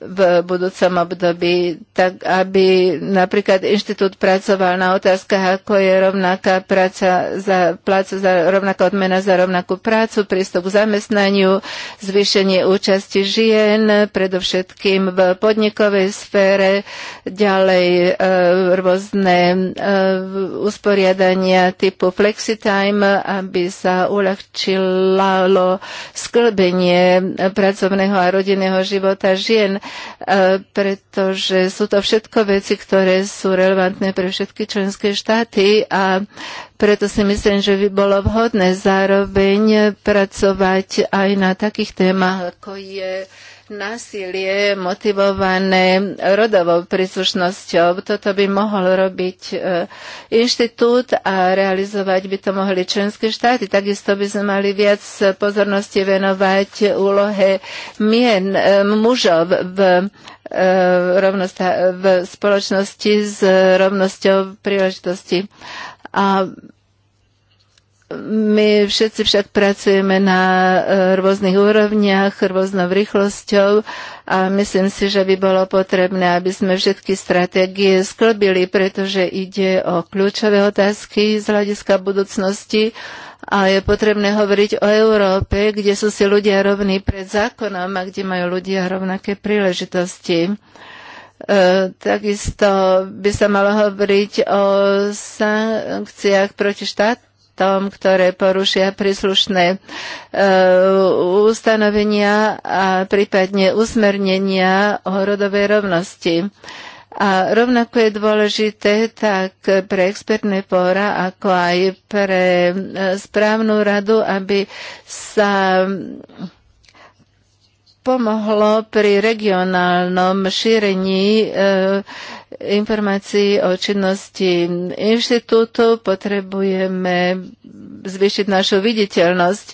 v budúcom období, tak aby napríklad inštitút pracoval na otázkach, ako je rovnaká práca za plácu, za rovnaká odmena za rovnakú prácu, prístup k zamestnaniu, zvýšenie účasti žien, predovšetkým v podnikovej sfére, ďalej e, rôzne e, usporiadania typu flexitime, aby sa uľahčilo sklbenie pracovného a rodinného života žien E, pretože sú to všetko veci, ktoré sú relevantné pre všetky členské štáty a preto si myslím, že by bolo vhodné zároveň pracovať aj na takých témach, ako je násilie motivované rodovou príslušnosťou. Toto by mohol robiť e, inštitút a realizovať by to mohli členské štáty. Takisto by sme mali viac pozornosti venovať úlohe mien e, mužov v e, rovnosta- v spoločnosti s rovnosťou príležitosti. A my všetci však pracujeme na e, rôznych úrovniach, rôznou rýchlosťou a myslím si, že by bolo potrebné, aby sme všetky stratégie sklbili, pretože ide o kľúčové otázky z hľadiska budúcnosti a je potrebné hovoriť o Európe, kde sú si ľudia rovní pred zákonom a kde majú ľudia rovnaké príležitosti e, takisto by sa malo hovoriť o sankciách proti štát, štátom, ktoré porušia príslušné e, ustanovenia a prípadne usmernenia o rodovej rovnosti. A rovnako je dôležité tak pre expertné fóra, ako aj pre e, správnu radu, aby sa pomohlo pri regionálnom šírení e, informácií o činnosti inštitútu, potrebujeme zvýšiť našu viditeľnosť.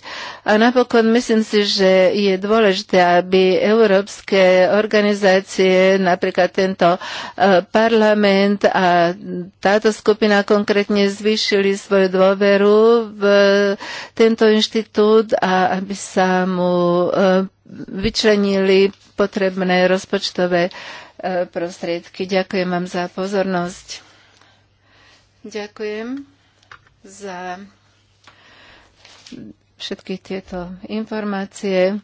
A napokon myslím si, že je dôležité, aby európske organizácie, napríklad tento e, parlament a táto skupina konkrétne zvýšili svoju dôveru v tento inštitút a aby sa mu e, vyčlenili potrebné rozpočtové E, prostriedky. Ďakujem vám za pozornosť. Ďakujem za všetky tieto informácie.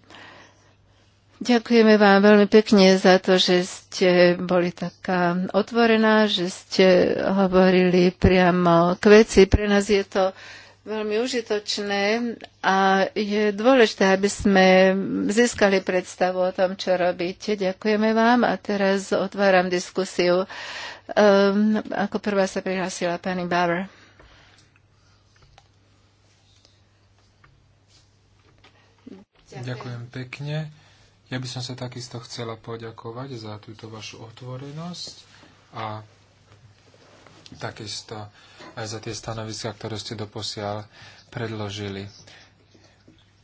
Ďakujeme vám veľmi pekne za to, že ste boli taká otvorená, že ste hovorili priamo k veci. Pre nás je to veľmi užitočné a je dôležité, aby sme získali predstavu o tom, čo robíte. Ďakujeme vám a teraz otváram diskusiu. Um, ako prvá sa prihlásila pani Bauer. Ďakujem. pekne. Ja by som sa takisto chcela poďakovať za túto vašu otvorenosť a takisto aj za tie stanoviska, ktoré ste doposiaľ predložili.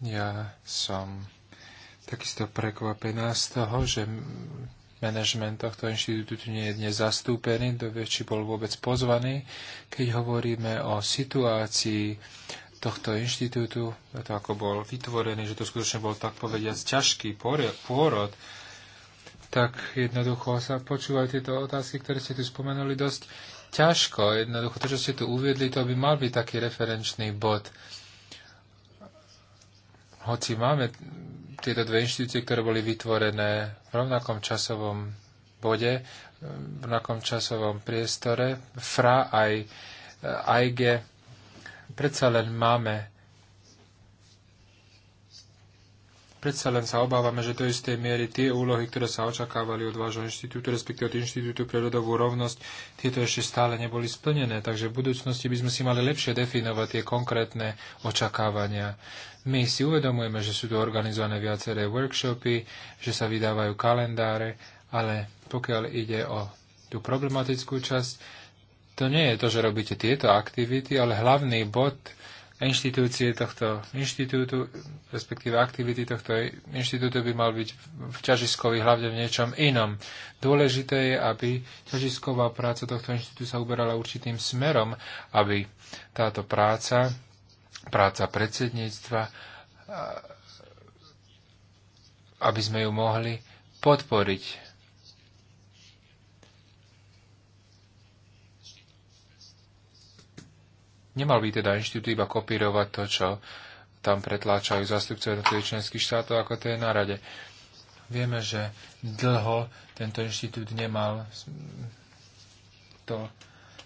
Ja som takisto prekvapená z toho, že manažment tohto inštitútu nie je dnes zastúpený, do či bol vôbec pozvaný. Keď hovoríme o situácii tohto inštitútu, to ako bol vytvorený, že to skutočne bol tak povediať ťažký pôrod, tak jednoducho sa počúvajú tieto otázky, ktoré ste tu spomenuli dosť ťažko. Jednoducho to, čo ste tu uviedli, to by mal byť taký referenčný bod. Hoci máme tieto dve inštitúcie, ktoré boli vytvorené v rovnakom časovom bode, v rovnakom časovom priestore, FRA aj AIGE, predsa len máme Predsa len sa obávame, že do istej miery tie úlohy, ktoré sa očakávali od vášho inštitútu, respektíve od Inštitútu pre rodovú rovnosť, tieto ešte stále neboli splnené. Takže v budúcnosti by sme si mali lepšie definovať tie konkrétne očakávania. My si uvedomujeme, že sú tu organizované viaceré workshopy, že sa vydávajú kalendáre, ale pokiaľ ide o tú problematickú časť, to nie je to, že robíte tieto aktivity, ale hlavný bod inštitúcie tohto inštitútu, respektíve aktivity tohto inštitútu by mal byť v ťažiskovi hlavne v niečom inom. Dôležité je, aby ťažisková práca tohto inštitútu sa uberala určitým smerom, aby táto práca, práca predsedníctva, aby sme ju mohli podporiť Nemal by teda inštitút iba kopírovať to, čo tam pretláčajú zastupcovia jednotlivých členských štátov, ako to je na rade. Vieme, že dlho tento inštitút nemal to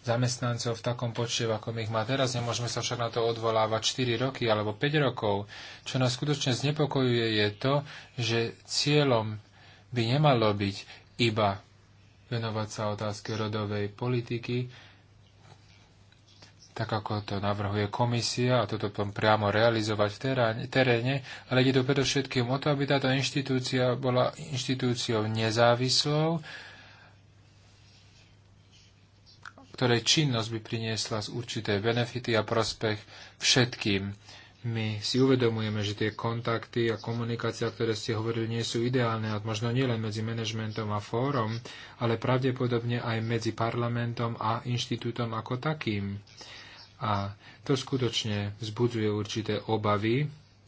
zamestnancov v takom počte, ako my ich má teraz. Nemôžeme sa však na to odvolávať 4 roky alebo 5 rokov. Čo nás skutočne znepokojuje je to, že cieľom by nemalo byť iba venovať sa otázke rodovej politiky, tak ako to navrhuje komisia a toto potom priamo realizovať v teréne, ale ide to predovšetkým o to, aby táto inštitúcia bola inštitúciou nezávislou, ktorej činnosť by priniesla z určité benefity a prospech všetkým. My si uvedomujeme, že tie kontakty a komunikácia, ktoré ste hovorili, nie sú ideálne, a možno nielen medzi manažmentom a fórom, ale pravdepodobne aj medzi parlamentom a inštitútom ako takým. A to skutočne vzbudzuje určité obavy,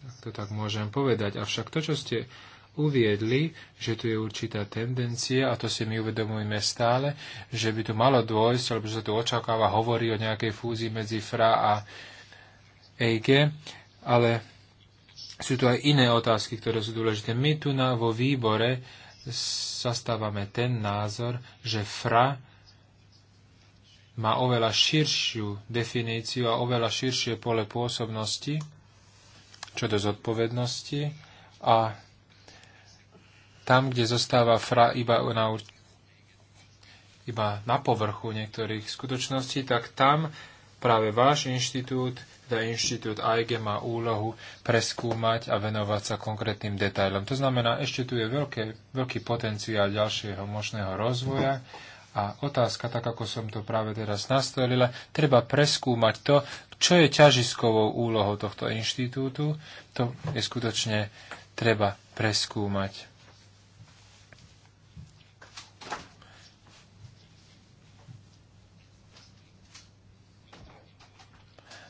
ak to tak môžem povedať. Avšak to, čo ste uviedli, že tu je určitá tendencia, a to si my uvedomujeme stále, že by to malo dôjsť, alebo že sa tu očakáva, hovorí o nejakej fúzii medzi FRA a EIG, ale sú tu aj iné otázky, ktoré sú dôležité. My tu na, vo výbore zastávame ten názor, že FRA má oveľa širšiu definíciu a oveľa širšie pole pôsobnosti, čo do zodpovednosti a tam, kde zostáva fra iba na, iba na povrchu niektorých skutočností, tak tam práve váš inštitút, teda inštitút AIG má úlohu preskúmať a venovať sa konkrétnym detailom. To znamená, ešte tu je veľké, veľký potenciál ďalšieho možného rozvoja. mm a otázka, tak ako som to práve teraz nastolila, treba preskúmať to, čo je ťažiskovou úlohou tohto inštitútu. To je skutočne treba preskúmať.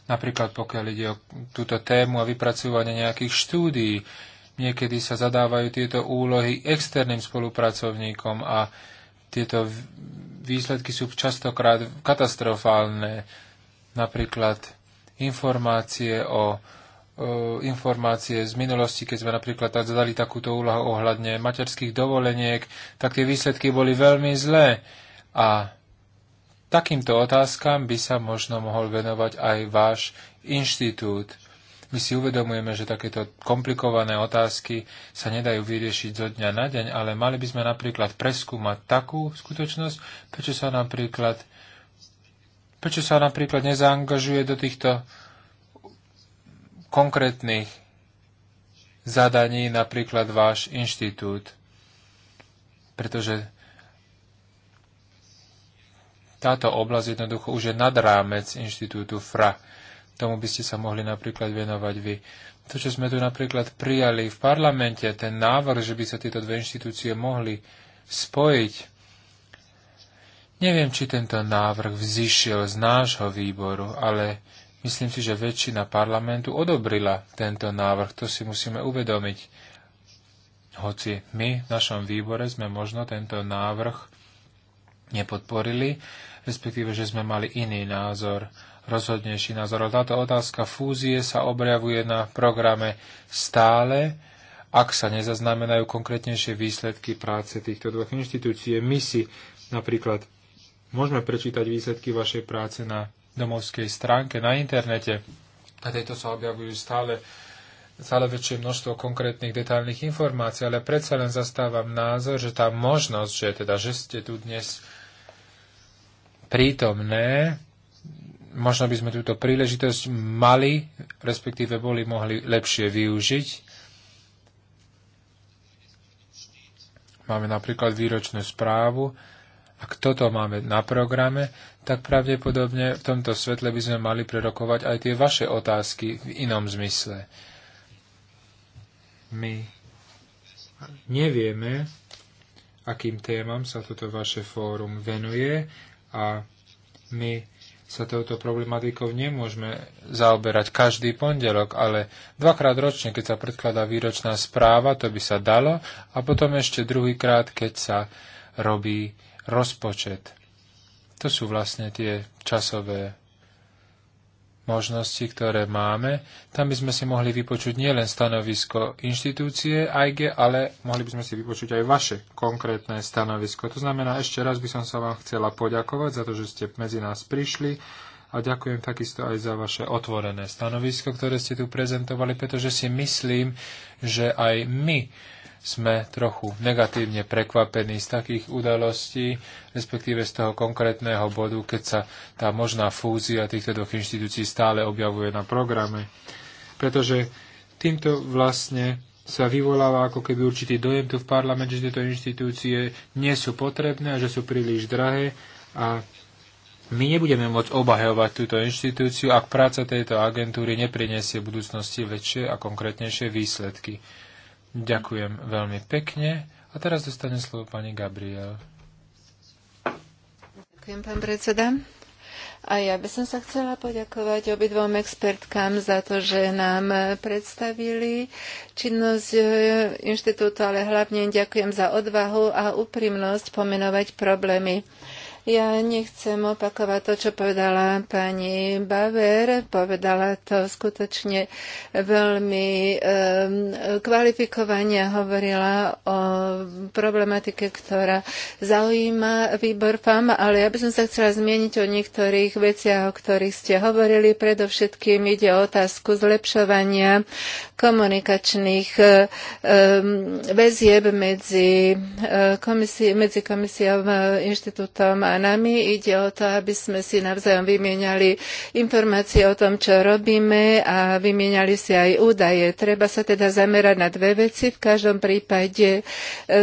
Napríklad pokiaľ ide o túto tému a vypracovanie nejakých štúdií, niekedy sa zadávajú tieto úlohy externým spolupracovníkom a tieto výsledky sú častokrát katastrofálne. Napríklad informácie o e, informácie z minulosti, keď sme napríklad zadali takúto úlohu ohľadne materských dovoleniek, tak tie výsledky boli veľmi zlé. A takýmto otázkam by sa možno mohol venovať aj váš inštitút. My si uvedomujeme, že takéto komplikované otázky sa nedajú vyriešiť zo dňa na deň, ale mali by sme napríklad preskúmať takú skutočnosť, prečo sa napríklad, prečo sa napríklad nezaangažuje do týchto konkrétnych zadaní napríklad váš inštitút. Pretože táto oblasť jednoducho už je nad rámec inštitútu FRA. Tomu by ste sa mohli napríklad venovať vy. To, čo sme tu napríklad prijali v parlamente, ten návrh, že by sa tieto dve inštitúcie mohli spojiť, neviem, či tento návrh vzýšiel z nášho výboru, ale myslím si, že väčšina parlamentu odobrila tento návrh. To si musíme uvedomiť. Hoci my v našom výbore sme možno tento návrh nepodporili, respektíve, že sme mali iný názor rozhodnejší názor. Táto otázka fúzie sa objavuje na programe stále, ak sa nezaznamenajú konkrétnejšie výsledky práce týchto dvoch inštitúcií. My si napríklad môžeme prečítať výsledky vašej práce na domovskej stránke, na internete. a tejto sa objavujú stále stále väčšie množstvo konkrétnych detailných informácií, ale predsa len zastávam názor, že tá možnosť, že teda, že ste tu dnes prítomné, možno by sme túto príležitosť mali, respektíve boli mohli lepšie využiť. Máme napríklad výročnú správu a kto to máme na programe, tak pravdepodobne v tomto svetle by sme mali prerokovať aj tie vaše otázky v inom zmysle. My nevieme, akým témam sa toto vaše fórum venuje a my sa touto problematikou nemôžeme zaoberať každý pondelok, ale dvakrát ročne, keď sa predkladá výročná správa, to by sa dalo, a potom ešte druhýkrát, keď sa robí rozpočet. To sú vlastne tie časové možnosti, ktoré máme. Tam by sme si mohli vypočuť nielen stanovisko inštitúcie AIG, ale mohli by sme si vypočuť aj vaše konkrétne stanovisko. To znamená, ešte raz by som sa vám chcela poďakovať za to, že ste medzi nás prišli a ďakujem takisto aj za vaše otvorené stanovisko, ktoré ste tu prezentovali, pretože si myslím, že aj my sme trochu negatívne prekvapení z takých udalostí, respektíve z toho konkrétneho bodu, keď sa tá možná fúzia týchto dvoch inštitúcií stále objavuje na programe. Pretože týmto vlastne sa vyvoláva ako keby určitý dojem tu v parlamente, že tieto inštitúcie nie sú potrebné a že sú príliš drahé a my nebudeme môcť obahovať túto inštitúciu, ak práca tejto agentúry nepriniesie v budúcnosti väčšie a konkrétnejšie výsledky. Ďakujem veľmi pekne. A teraz dostane slovo pani Gabriel. Ďakujem, pán predseda. A ja by som sa chcela poďakovať obidvom expertkám za to, že nám predstavili činnosť e, inštitútu, ale hlavne ďakujem za odvahu a úprimnosť pomenovať problémy. Ja nechcem opakovať to, čo povedala pani Baver. Povedala to skutočne veľmi um, kvalifikovane. Hovorila o problematike, ktorá zaujíma výbor FAM, ale ja by som sa chcela zmieniť o niektorých veciach, o ktorých ste hovorili. Predovšetkým ide o otázku zlepšovania komunikačných e, e, väzieb medzi, e, komisie, medzi komisiou, inštitútom a nami. Ide o to, aby sme si navzájom vymieniali informácie o tom, čo robíme a vymieniali si aj údaje. Treba sa teda zamerať na dve veci. V každom prípade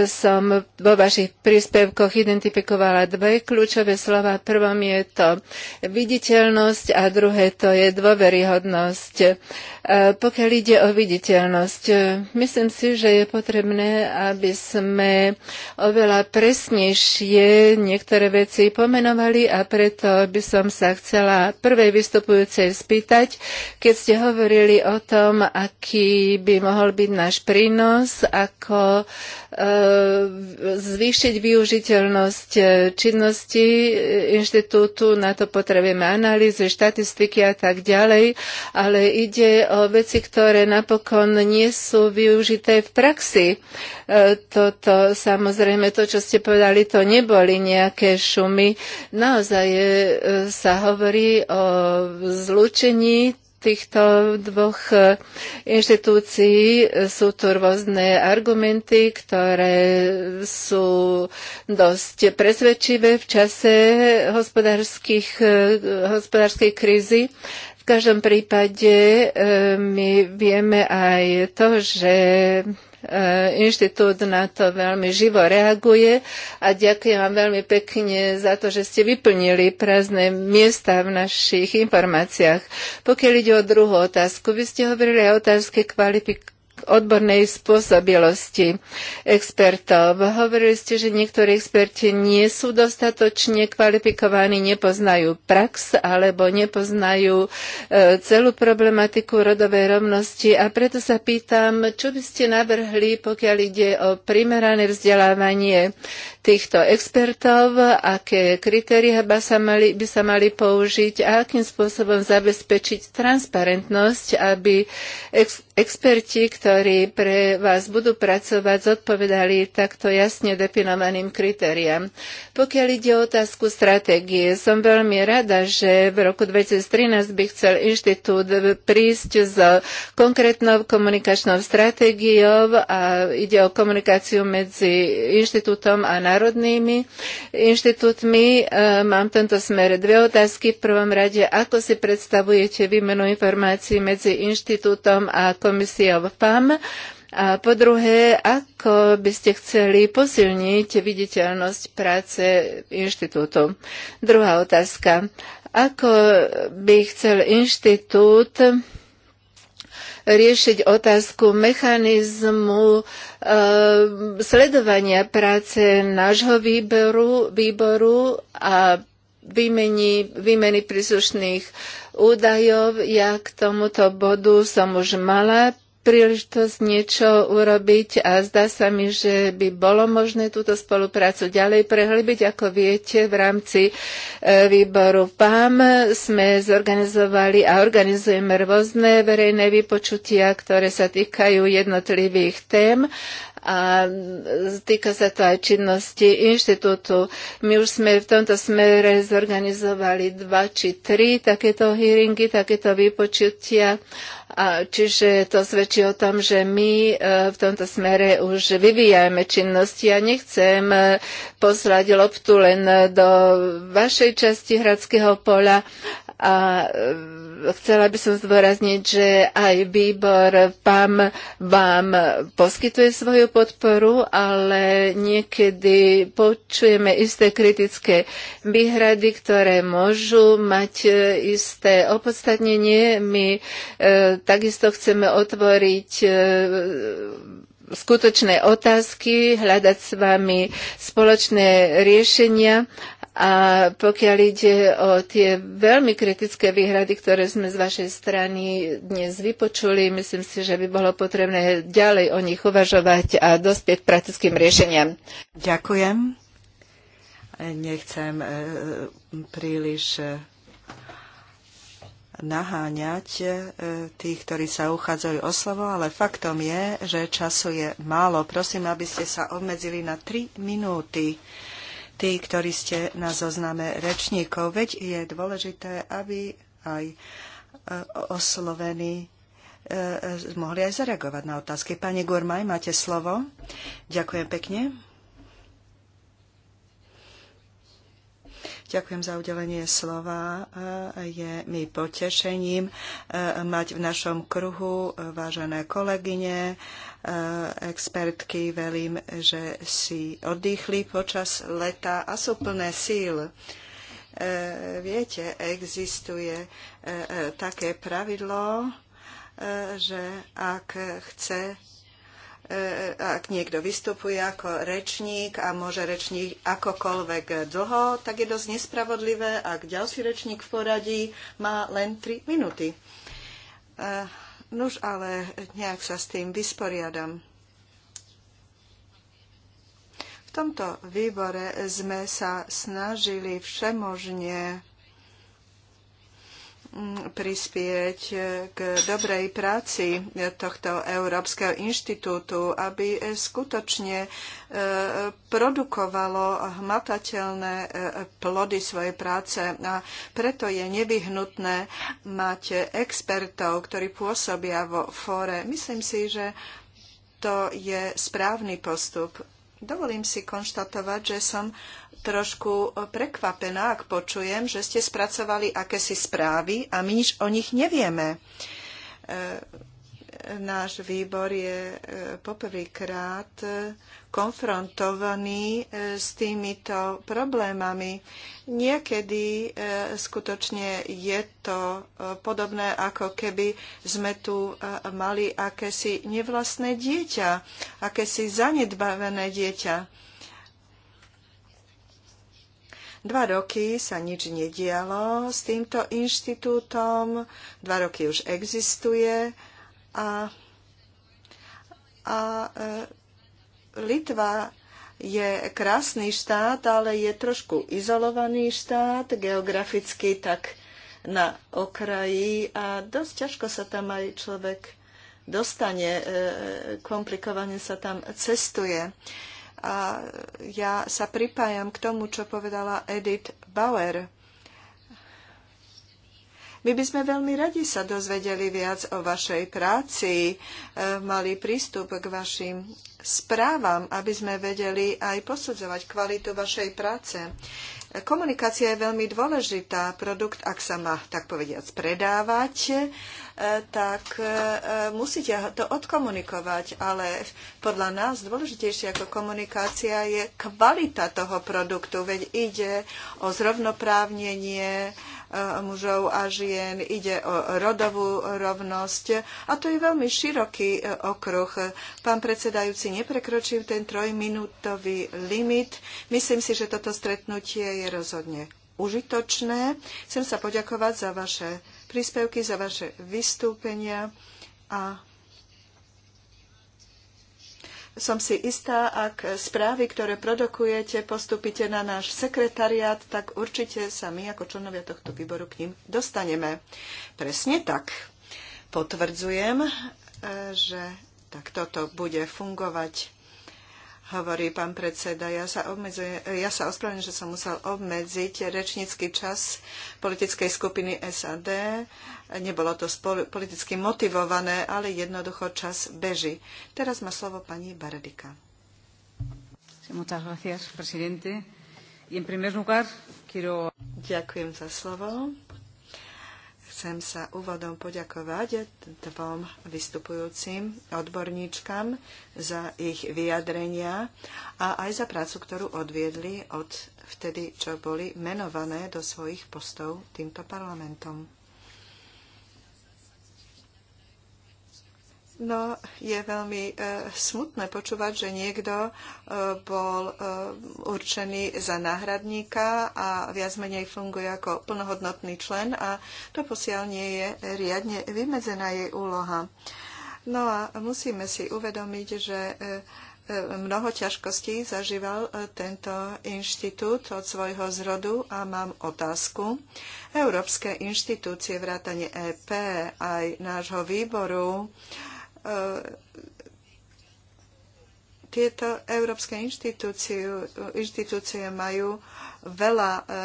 som vo vašich príspevkoch identifikovala dve kľúčové slova. Prvom je to viditeľnosť a druhé to je dôveryhodnosť. Pokiaľ ide o viditeľnosť. E, myslím si, že je potrebné, aby sme oveľa presnejšie niektoré veci pomenovali a preto by som sa chcela prvej vystupujúcej spýtať, keď ste hovorili o tom, aký by mohol byť náš prínos, ako e, zvýšiť využiteľnosť e, činnosti inštitútu, na to potrebujeme analýzy, štatistiky a tak ďalej, ale ide o veci, ktoré na napokon nie sú využité v praxi. E, toto, samozrejme, to, čo ste povedali, to neboli nejaké šumy. Naozaj e, sa hovorí o zlúčení týchto dvoch e, inštitúcií sú tu rôzne argumenty, ktoré sú dosť presvedčivé v čase hospodárskej krízy každom prípade e, my vieme aj to, že e, inštitút na to veľmi živo reaguje a ďakujem vám veľmi pekne za to, že ste vyplnili prázdne miesta v našich informáciách. Pokiaľ ide o druhú otázku, vy ste hovorili aj o otázke kvalifikácie odbornej spôsobilosti expertov. Hovorili ste, že niektorí experti nie sú dostatočne kvalifikovaní, nepoznajú prax alebo nepoznajú e, celú problematiku rodovej rovnosti a preto sa pýtam, čo by ste navrhli, pokiaľ ide o primerané vzdelávanie týchto expertov, aké kritéria by sa mali, by sa mali použiť a akým spôsobom zabezpečiť transparentnosť, aby ex- experti, ktorí pre vás budú pracovať, zodpovedali takto jasne definovaným kritériám. Pokiaľ ide o otázku stratégie, som veľmi rada, že v roku 2013 by chcel inštitút prísť s konkrétnou komunikačnou stratégiou a ide o komunikáciu medzi inštitútom a národnými inštitútmi. E, mám v tomto smere dve otázky. V prvom rade, ako si predstavujete výmenu informácií medzi inštitútom a komisiou FAM, A po druhé, ako by ste chceli posilniť viditeľnosť práce inštitútu? Druhá otázka. Ako by chcel inštitút riešiť otázku mechanizmu e, sledovania práce nášho výboru, výboru a výmeny, výmeny príslušných údajov. Ja k tomuto bodu som už mala príležitosť niečo urobiť a zdá sa mi, že by bolo možné túto spoluprácu ďalej prehlbiť. Ako viete, v rámci e, výboru PAM sme zorganizovali a organizujeme rôzne verejné vypočutia, ktoré sa týkajú jednotlivých tém a týka sa to aj činnosti inštitútu. My už sme v tomto smere zorganizovali dva či tri takéto hearingy, takéto vypočutia čiže to svedčí o tom, že my e, v tomto smere už vyvíjame činnosti a ja nechcem e, poslať loptu len do vašej časti Hradského pola, a e, chcela by som zdôrazniť, že aj výbor PAM vám poskytuje svoju podporu, ale niekedy počujeme isté kritické výhrady, ktoré môžu mať e, isté opodstatnenie. My e, takisto chceme otvoriť e, skutočné otázky, hľadať s vami spoločné riešenia a pokiaľ ide o tie veľmi kritické výhrady, ktoré sme z vašej strany dnes vypočuli, myslím si, že by bolo potrebné ďalej o nich uvažovať a dospieť praktickým riešeniam. Ďakujem. Nechcem e, príliš e, naháňať e, tých, ktorí sa uchádzajú o slovo, ale faktom je, že času je málo. Prosím, aby ste sa obmedzili na 3 minúty tí, ktorí ste na zozname rečníkov. Veď je dôležité, aby aj e, oslovení e, e, mohli aj zareagovať na otázky. Pani Gurmaj, máte slovo. Ďakujem pekne. Ďakujem za udelenie slova. Je mi potešením mať v našom kruhu vážené kolegyne, Eh, expertky. Velím, že si oddychli počas leta a sú plné síl eh, viete, existuje eh, také pravidlo, že ak chce ak niekto vystupuje ako rečník a môže rečník akokoľvek dlho, tak je dosť nespravodlivé, ak ďalší rečník v poradí má len 3 minúty. Nuž ale nejak sa s tým vysporiadam. V tomto výbore sme sa snažili všemožne prispieť k dobrej práci tohto Európskeho inštitútu, aby skutočne e, produkovalo hmatateľné e, plody svojej práce. A preto je nevyhnutné mať expertov, ktorí pôsobia vo fóre. Myslím si, že to je správny postup. Dovolím si konštatovať, že som trošku prekvapená, ak počujem, že ste spracovali akési správy a my nič o nich nevieme e, náš výbor je e, poprvýkrát e, konfrontovaný e, s týmito problémami. Niekedy skutočne je to podobné, ako keby sme tu mali akési nevlastné dieťa, akési zanedbavené dieťa. Dva roky sa nič nedialo s týmto inštitútom, dva roky už existuje a, a e, Litva je krásny štát, ale je trošku izolovaný štát, geograficky tak na okraji a dosť ťažko sa tam aj človek dostane, e, e, komplikovane sa tam cestuje. A ja sa pripájam k tomu, čo povedala Edith Bauer my by sme veľmi radi sa dozvedeli viac o vašej práci, e, mali prístup k vašim správam, aby sme vedeli aj posudzovať kvalitu vašej práce. Komunikácia je veľmi dôležitá. Produkt, ak sa má, tak povediať predávať, Eh, tak eh, eh, musíte to odkomunikovať, ale podľa nás dôležitejšia ako komunikácia je kvalita toho produktu, veď ide o zrovnoprávnenie mužov a žien, ide o rodovú rovnosť a to je veľmi široký okruh. Pán predsedajúci, neprekročím ten trojminútový limit. Myslím si, že toto stretnutie je rozhodne užitočné. Chcem sa poďakovať za vaše príspevky, za vaše vystúpenia a som si istá, ak správy, ktoré produkujete, postupíte na náš sekretariát, tak určite sa my ako členovia tohto výboru k ním dostaneme. Presne tak. Potvrdzujem, e, že takto to bude fungovať hovorí pán predseda. Ja sa, obmedzuje, ja sa ospravedlňujem, že som musel obmedziť rečnícky čas politickej skupiny SAD. Nebolo to politicky motivované, ale jednoducho čas beží. Teraz má slovo pani Baradika. Ďakujem za slovo, Chcem sa úvodom poďakovať dvom vystupujúcim odborníčkam za ich vyjadrenia a aj za prácu, ktorú odviedli od vtedy, čo boli menované do svojich postov týmto parlamentom. No, je veľmi e, smutné počúvať, že niekto e, bol e, určený za náhradníka a viac menej funguje ako plnohodnotný člen a to posiaľ nie je riadne vymedzená jej úloha. No a musíme si uvedomiť, že e, e mnoho ťažkostí zažíval e, tento inštitút od svojho zrodu a mám otázku. Európske inštitúcie vrátane EP aj nášho výboru E, tieto európske inštitúcie, majú veľa, e, e,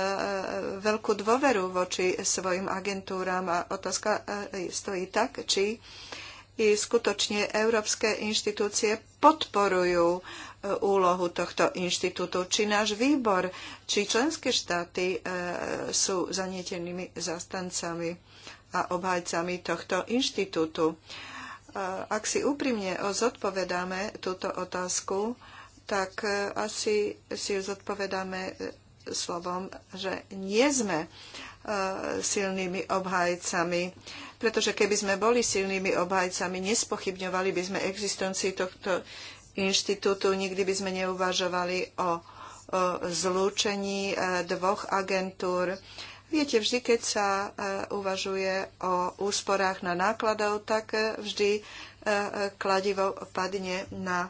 veľkú dôveru voči svojim agentúram a otázka stojí tak, či i skutočne európske inštitúcie podporujú úlohu tohto inštitútu, či náš výbor, či členské štáty sú zanietenými zastancami a obhajcami tohto inštitútu ak si úprimne zodpovedáme túto otázku, tak e, asi si ju zodpovedáme e, slovom, že nie sme e, silnými obhajcami. Pretože keby sme boli silnými obhajcami, nespochybňovali by sme existenciu tohto inštitútu, nikdy by sme neuvažovali o, o zlúčení dvoch agentúr. Viete, vždy, keď sa e, uvažuje o úsporách na nákladov, tak e, vždy e, kladivo padne na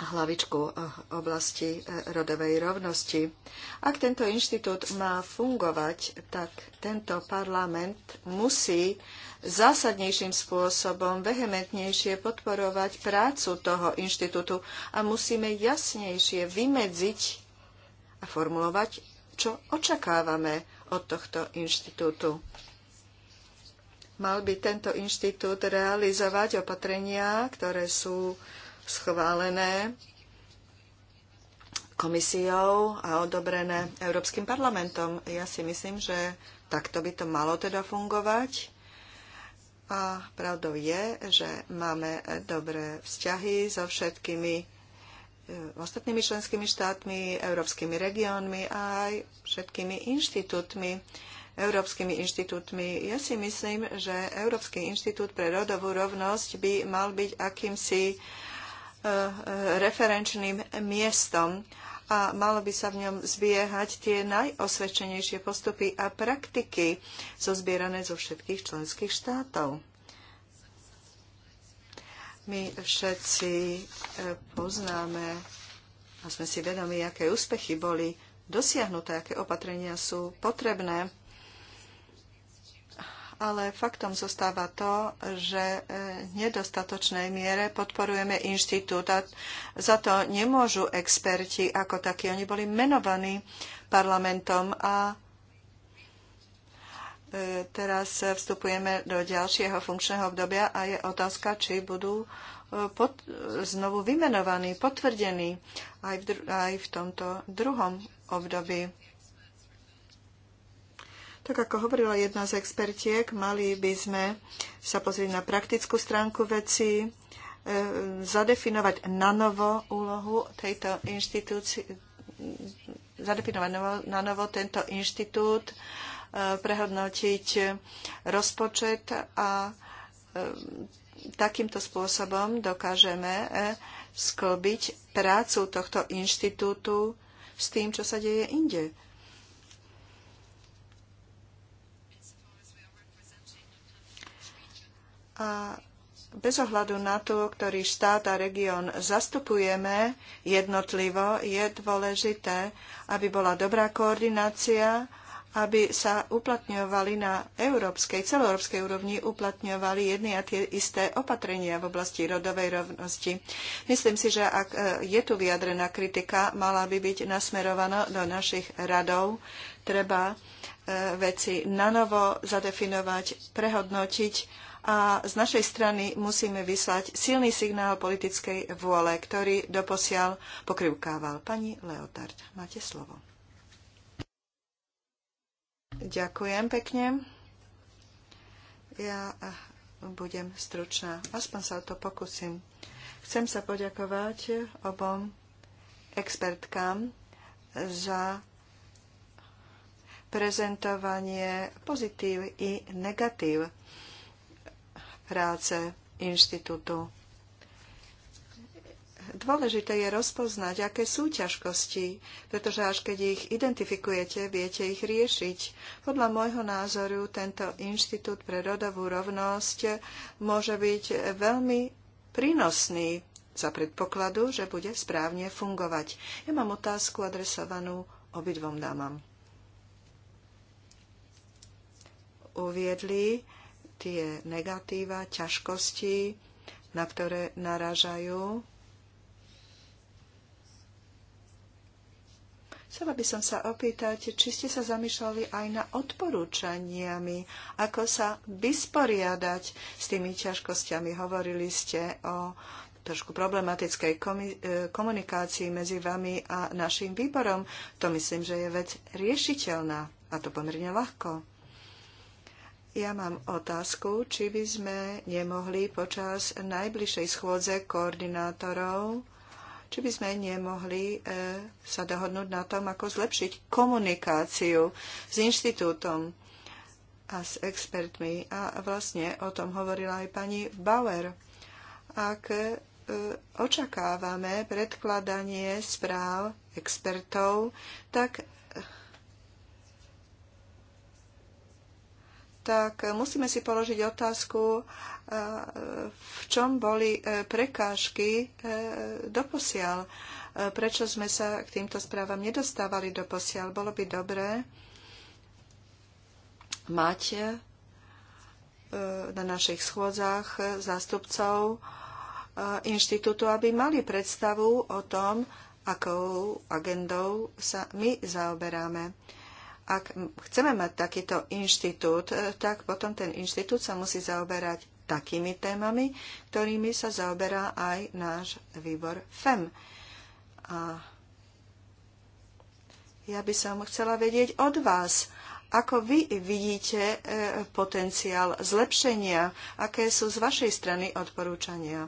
hlavičku oblasti rodovej rovnosti. Ak tento inštitút má fungovať, tak tento parlament musí zásadnejším spôsobom vehementnejšie podporovať prácu toho inštitútu a musíme jasnejšie vymedziť a formulovať čo očakávame od tohto inštitútu. Mal by tento inštitút realizovať opatrenia, ktoré sú schválené komisiou a odobrené Európskym parlamentom. Ja si myslím, že takto by to malo teda fungovať. A pravdou je, že máme dobré vzťahy so všetkými E, ostatnými členskými štátmi, európskymi regiónmi a aj všetkými inštitútmi. Európskymi inštitútmi. Ja si myslím, že Európsky inštitút pre rodovú rovnosť by mal byť akýmsi e, e, referenčným miestom a malo by sa v ňom zbiehať tie najosvedčenejšie postupy a praktiky zozbierané zo všetkých členských štátov. My všetci e, poznáme a sme si vedomi, aké úspechy boli dosiahnuté, aké opatrenia sú potrebné. Ale faktom zostáva to, že e, v nedostatočnej miere podporujeme inštitút a za to nemôžu experti ako takí. Oni boli menovaní parlamentom a E, teraz vstupujeme do ďalšieho funkčného obdobia a je otázka, či budú e, pod, znovu vymenovaní, potvrdení aj v, aj v tomto druhom období. Tak ako hovorila jedna z expertiek, mali by sme sa pozrieť na praktickú stránku veci, e, zadefinovať na novo úlohu tejto inštitúcie, zadefinovať na novo tento inštitút, prehodnotiť rozpočet a e, takýmto spôsobom dokážeme e, sklbiť prácu tohto inštitútu s tým, čo sa deje inde. A bez ohľadu na to, ktorý štát a región zastupujeme jednotlivo, je dôležité, aby bola dobrá koordinácia aby sa uplatňovali na európskej, celoeurópskej úrovni, uplatňovali jedny a tie isté opatrenia v oblasti rodovej rovnosti. Myslím si, že ak e, je tu vyjadrená kritika, mala by byť nasmerovaná do našich radov. Treba e, veci nanovo zadefinovať, prehodnotiť a z našej strany musíme vyslať silný signál politickej vôle, ktorý doposiaľ pokrivkával. Pani Leotard, máte slovo. Ďakujem pekne. Ja eh, budem stručná. Aspoň sa o to pokúsim. Chcem sa poďakovať obom expertkám za prezentovanie pozitív i negatív práce inštitútu Dôležité je rozpoznať, aké sú ťažkosti, pretože až keď ich identifikujete, viete ich riešiť. Podľa môjho názoru tento Inštitút pre rodovú rovnosť môže byť veľmi prínosný za predpokladu, že bude správne fungovať. Ja mám otázku adresovanú obidvom dámam. Uviedli tie negatíva, ťažkosti, na ktoré naražajú Chcela by som sa opýtať, či ste sa zamýšľali aj na odporúčaniami, ako sa vysporiadať s tými ťažkosťami. Hovorili ste o trošku problematickej e, komunikácii medzi vami a našim výborom. To myslím, že je vec riešiteľná a to pomerne ľahko. Ja mám otázku, či by sme nemohli počas najbližšej schôdze koordinátorov či by sme nemohli e, sa dohodnúť na tom, ako zlepšiť komunikáciu s inštitútom a s expertmi. A vlastne o tom hovorila aj pani Bauer. Ak e, očakávame predkladanie správ expertov, tak tak musíme si položiť otázku, e, v čom boli e, prekážky e, doposiaľ. Prečo sme sa k týmto správam nedostávali doposiaľ? Bolo by dobré mať na našich schôdzach zástupcov inštitútu, aby mali predstavu o tom, akou agendou sa my zaoberáme ak chceme mať takýto inštitút, e, tak potom ten inštitút sa musí zaoberať takými témami, ktorými sa zaoberá aj náš výbor FEM. A ja by som chcela vedieť od vás, ako vy vidíte e, potenciál zlepšenia? Aké sú z vašej strany odporúčania?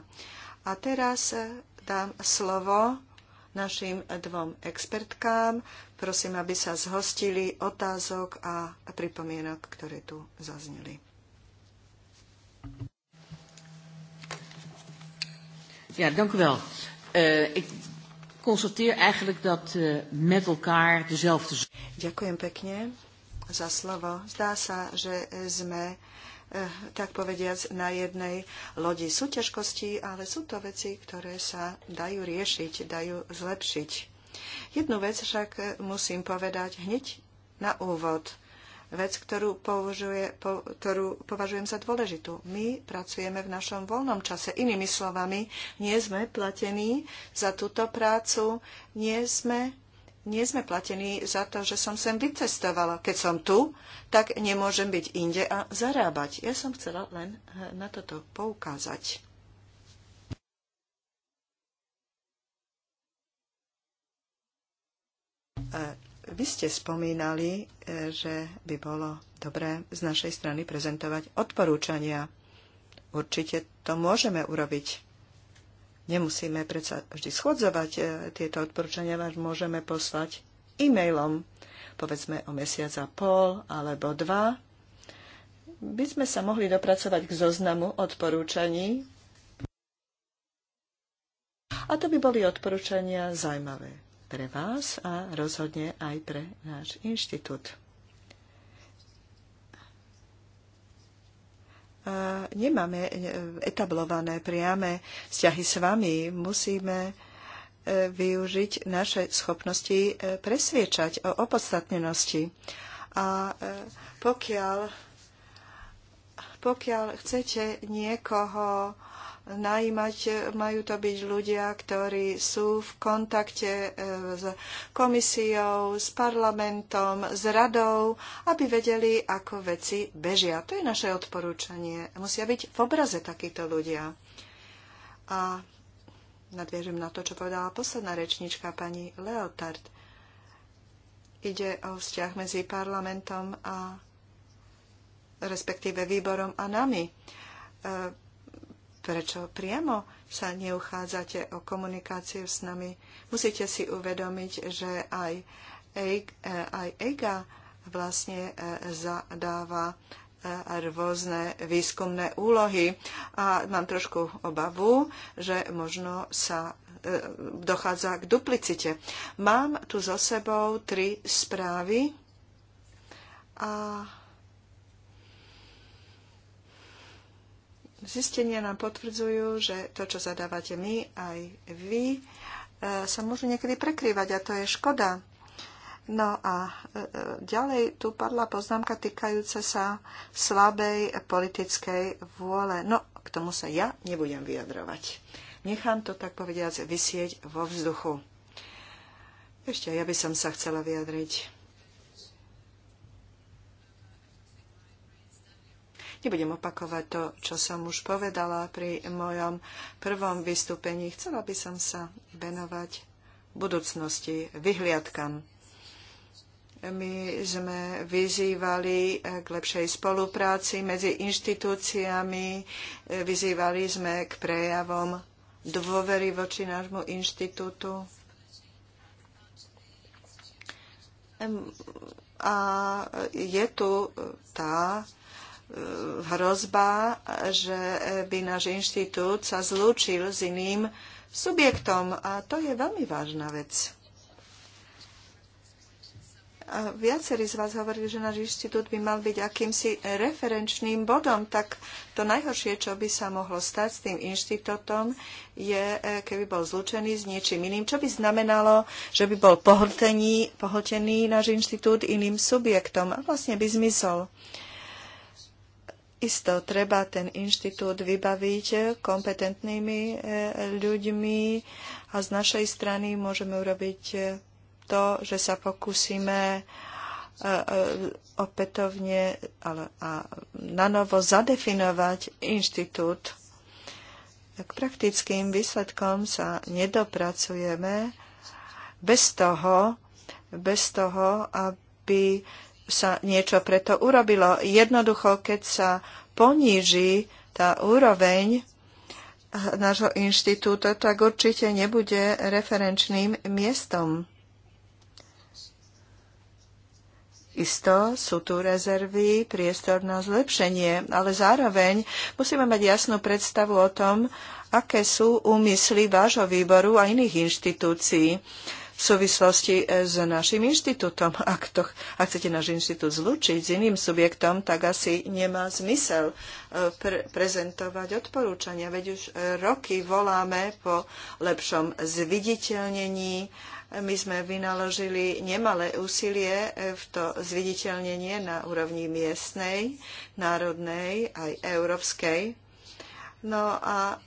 A teraz e, dám slovo našim dvom expertkám. Prosím, aby sa zhostili otázok a pripomienok, ktoré tu zazneli. Ja, dank u wel. Uh, ik constateer eigenlijk dat uh, met elkaar dezelfde... Ďakujem pekne za slovo. Zdá sa, že sme uh, Eh, tak povediac, na jednej lodi. Sú ťažkosti, ale sú to veci, ktoré sa dajú riešiť, dajú zlepšiť. Jednu vec však eh, musím povedať hneď na úvod. Vec, ktorú, považuje, po, ktorú považujem za dôležitú. My pracujeme v našom voľnom čase. Inými slovami, nie sme platení za túto prácu, nie sme nie sme platení za to, že som sem vycestovala. Keď som tu, tak nemôžem byť inde a zarábať. Ja som chcela len eh, na toto poukázať. Eh, vy ste spomínali, eh, že by bolo dobré z našej strany prezentovať odporúčania. Určite to môžeme urobiť Nemusíme predsa vždy schodzovať e, tieto odporúčania, ale môžeme poslať e-mailom, povedzme o mesiac a pol alebo dva, by sme sa mohli dopracovať k zoznamu odporúčaní. A to by boli odporúčania zaujímavé pre vás a rozhodne aj pre náš inštitút. nemáme e, etablované priame vzťahy s vami. Musíme e, využiť naše schopnosti e, presviečať o opodstatnenosti. A pokiaľ, pokiaľ chcete niekoho najímať, majú to byť ľudia, ktorí sú v kontakte eh, s komisiou, s parlamentom, s radou, aby vedeli, ako veci bežia. To je naše odporúčanie. Musia byť v obraze takíto ľudia. A nadviežem na to, čo povedala posledná rečnička pani Leotard. Ide o vzťah medzi parlamentom a respektíve výborom a nami eh, Prečo priamo sa neuchádzate o komunikáciu s nami? Musíte si uvedomiť, že aj, e e, aj EGA vlastne e, zadáva rôzne výskumné úlohy a mám trošku obavu, že možno sa dochádza k duplicite. Mám tu so sebou tri správy a zistenia nám potvrdzujú, že to, čo zadávate my, aj vy, e, sa môžu niekedy prekrývať a to je škoda. No a e, e, ďalej tu padla poznámka týkajúca sa slabej politickej vôle. No, k tomu sa ja nebudem vyjadrovať. Nechám to, tak povediac, vysieť vo vzduchu. Ešte ja by som sa chcela vyjadriť Nebudem opakovať to, čo som už povedala pri mojom prvom vystúpení. Chcela by som sa venovať budúcnosti, vyhliadkam. My sme vyzývali k lepšej spolupráci medzi inštitúciami, vyzývali sme k prejavom dôvery voči nášmu inštitútu. A je tu tá E, hrozba, že by náš inštitút sa zlúčil s iným subjektom a to je veľmi vážna vec. A viacerí z vás hovorili, že náš inštitút by mal byť akýmsi referenčným bodom, tak to najhoršie, čo by sa mohlo stať s tým inštitútom, je, e, keby bol zlučený s niečím iným, čo by znamenalo, že by bol pohltený, pohltený náš inštitút iným subjektom a vlastne by zmysel. Uh, Isto treba ten inštitút vybaviť kompetentnými e, ľuďmi a z našej strany môžeme urobiť e, to, že sa pokúsime e, opätovne ale a nanovo zadefinovať inštitút. K praktickým výsledkom sa nedopracujeme bez toho, bez toho, aby sa niečo preto urobilo. Jednoducho, keď sa poníži tá úroveň nášho inštitúta, tak určite nebude referenčným miestom. Isto sú tu rezervy, priestor na zlepšenie, ale zároveň musíme mať jasnú predstavu o tom, aké sú úmysly vášho výboru a iných inštitúcií v súvislosti e, s našim inštitútom. Ak, to, ak chcete náš inštitút zlučiť s iným subjektom, tak asi nemá zmysel e, pre- prezentovať odporúčania. Veď už e, roky voláme po lepšom zviditeľnení my sme vynaložili nemalé úsilie v to zviditeľnenie na úrovni miestnej, národnej aj európskej. No a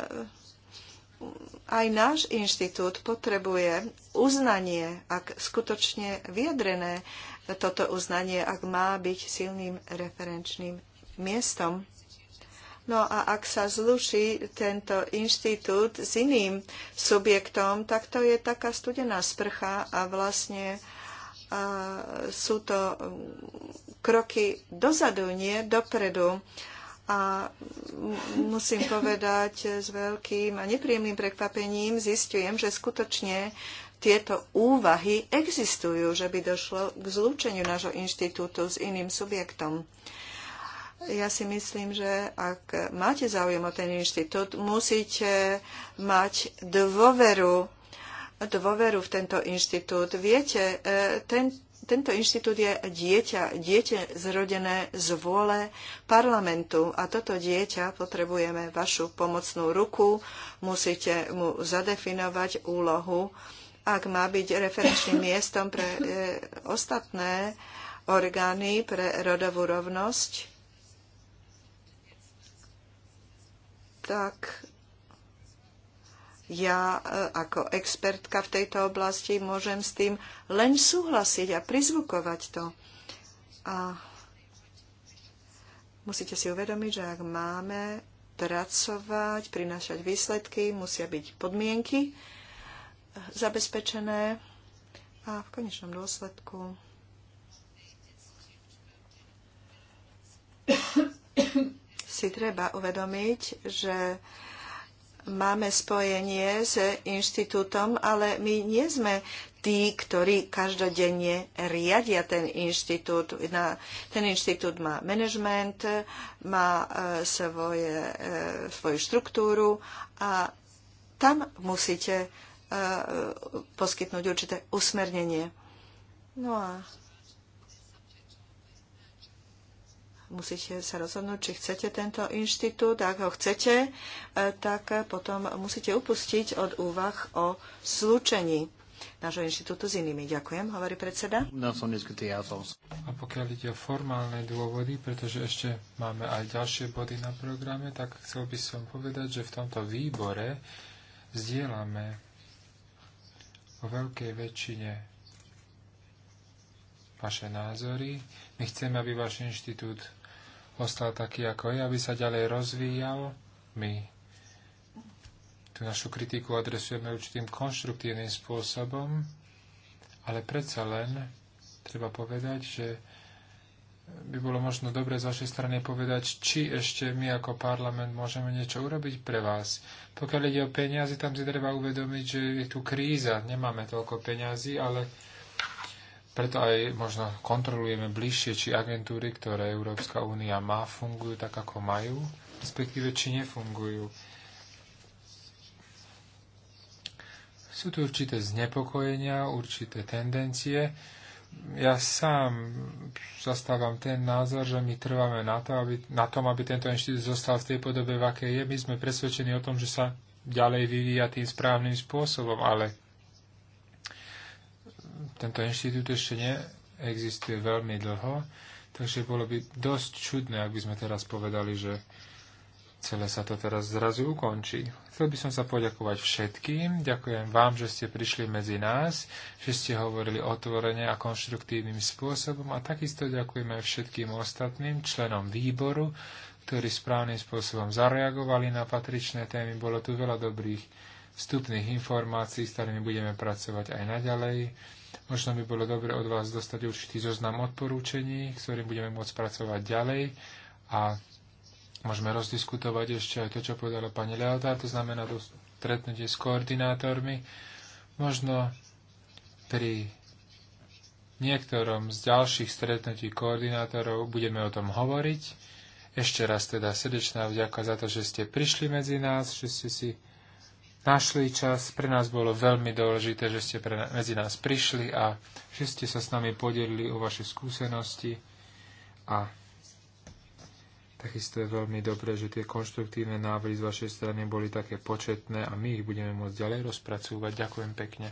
aj náš inštitút potrebuje uznanie, ak skutočne vyjadrené toto uznanie, ak má byť silným referenčným miestom. No a ak sa zluší tento inštitút s iným subjektom, tak to je taká studená sprcha a vlastne a sú to kroky dozadu, nie dopredu a musím povedať s veľkým a nepríjemným prekvapením zistujem, že skutočne tieto úvahy existujú, že by došlo k zlúčeniu nášho inštitútu s iným subjektom. Ja si myslím, že ak máte záujem o ten inštitút, musíte mať dôveru dôveru v tento inštitút. Viete, e, ten, tento inštitút je dieťa, dieťa zrodené z vôle parlamentu a toto dieťa potrebujeme vašu pomocnú ruku, musíte mu zadefinovať úlohu, ak má byť referenčným miestom pre e, ostatné orgány pre rodovú rovnosť, tak ja e, ako expertka v tejto oblasti môžem s tým len súhlasiť a prizvukovať to. A musíte si uvedomiť, že ak máme pracovať, prinášať výsledky, musia byť podmienky e, zabezpečené a v konečnom dôsledku si treba uvedomiť, že máme spojenie s inštitútom, ale my nie sme tí, ktorí každodenne riadia ten inštitút. Ten inštitút má management, má e, svoje, e, svoju štruktúru a tam musíte e, poskytnúť určité usmernenie. No a musíte sa rozhodnúť, či chcete tento inštitút. Ak ho chcete, e, tak potom musíte upustiť od úvah o slúčení nášho inštitútu s inými. Ďakujem, hovorí predseda. A pokiaľ ide o formálne dôvody, pretože ešte máme aj ďalšie body na programe, tak chcel by som povedať, že v tomto výbore zdieľame vo veľkej väčšine vaše názory. My chceme, aby váš inštitút ostal taký, ako je, aby sa ďalej rozvíjal. My tú našu kritiku adresujeme určitým konštruktívnym spôsobom, ale predsa len treba povedať, že by bolo možno dobre z vašej strany povedať, či ešte my ako parlament môžeme niečo urobiť pre vás. Pokiaľ ide o peniaze, tam si treba uvedomiť, že je tu kríza, nemáme toľko peňazí, ale preto aj možno kontrolujeme bližšie, či agentúry, ktoré Európska únia má, fungujú tak, ako majú, respektíve či nefungujú. Sú tu určité znepokojenia, určité tendencie. Ja sám zastávam ten názor, že my trváme na, to, aby, na tom, aby tento inštitút zostal v tej podobe, v akej je. My sme presvedčení o tom, že sa ďalej vyvíja tým správnym spôsobom, ale tento inštitút ešte neexistuje veľmi dlho, takže bolo by dosť čudné, ak by sme teraz povedali, že celé sa to teraz zrazu ukončí. Chcel by som sa poďakovať všetkým. Ďakujem vám, že ste prišli medzi nás, že ste hovorili otvorene a konštruktívnym spôsobom a takisto ďakujeme všetkým ostatným členom výboru, ktorí správnym spôsobom zareagovali na patričné témy. Bolo tu veľa dobrých vstupných informácií, s ktorými budeme pracovať aj naďalej. Možno by bolo dobre od vás dostať určitý zoznam odporúčení, s ktorým budeme môcť pracovať ďalej a môžeme rozdiskutovať ešte aj to, čo povedala pani Leota, to znamená to stretnutie s koordinátormi. Možno pri niektorom z ďalších stretnutí koordinátorov budeme o tom hovoriť. Ešte raz teda srdečná vďaka za to, že ste prišli medzi nás, že ste si našli čas. Pre nás bolo veľmi dôležité, že ste pre, medzi nás prišli a že ste sa s nami podelili o vaše skúsenosti. A takisto je veľmi dobré, že tie konštruktívne návrhy z vašej strany boli také početné a my ich budeme môcť ďalej rozpracúvať. Ďakujem pekne.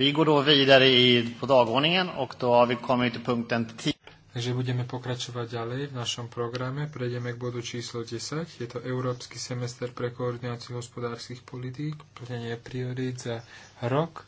Vi går då vidare i, på dagordningen och då har vi kommit till punkten 10. Takže budeme pokračovať ďalej v našom programe. Prejdeme k bodu číslo 10. Je to Európsky semester pre koordináciu hospodárskych politík, plnenie priorít za rok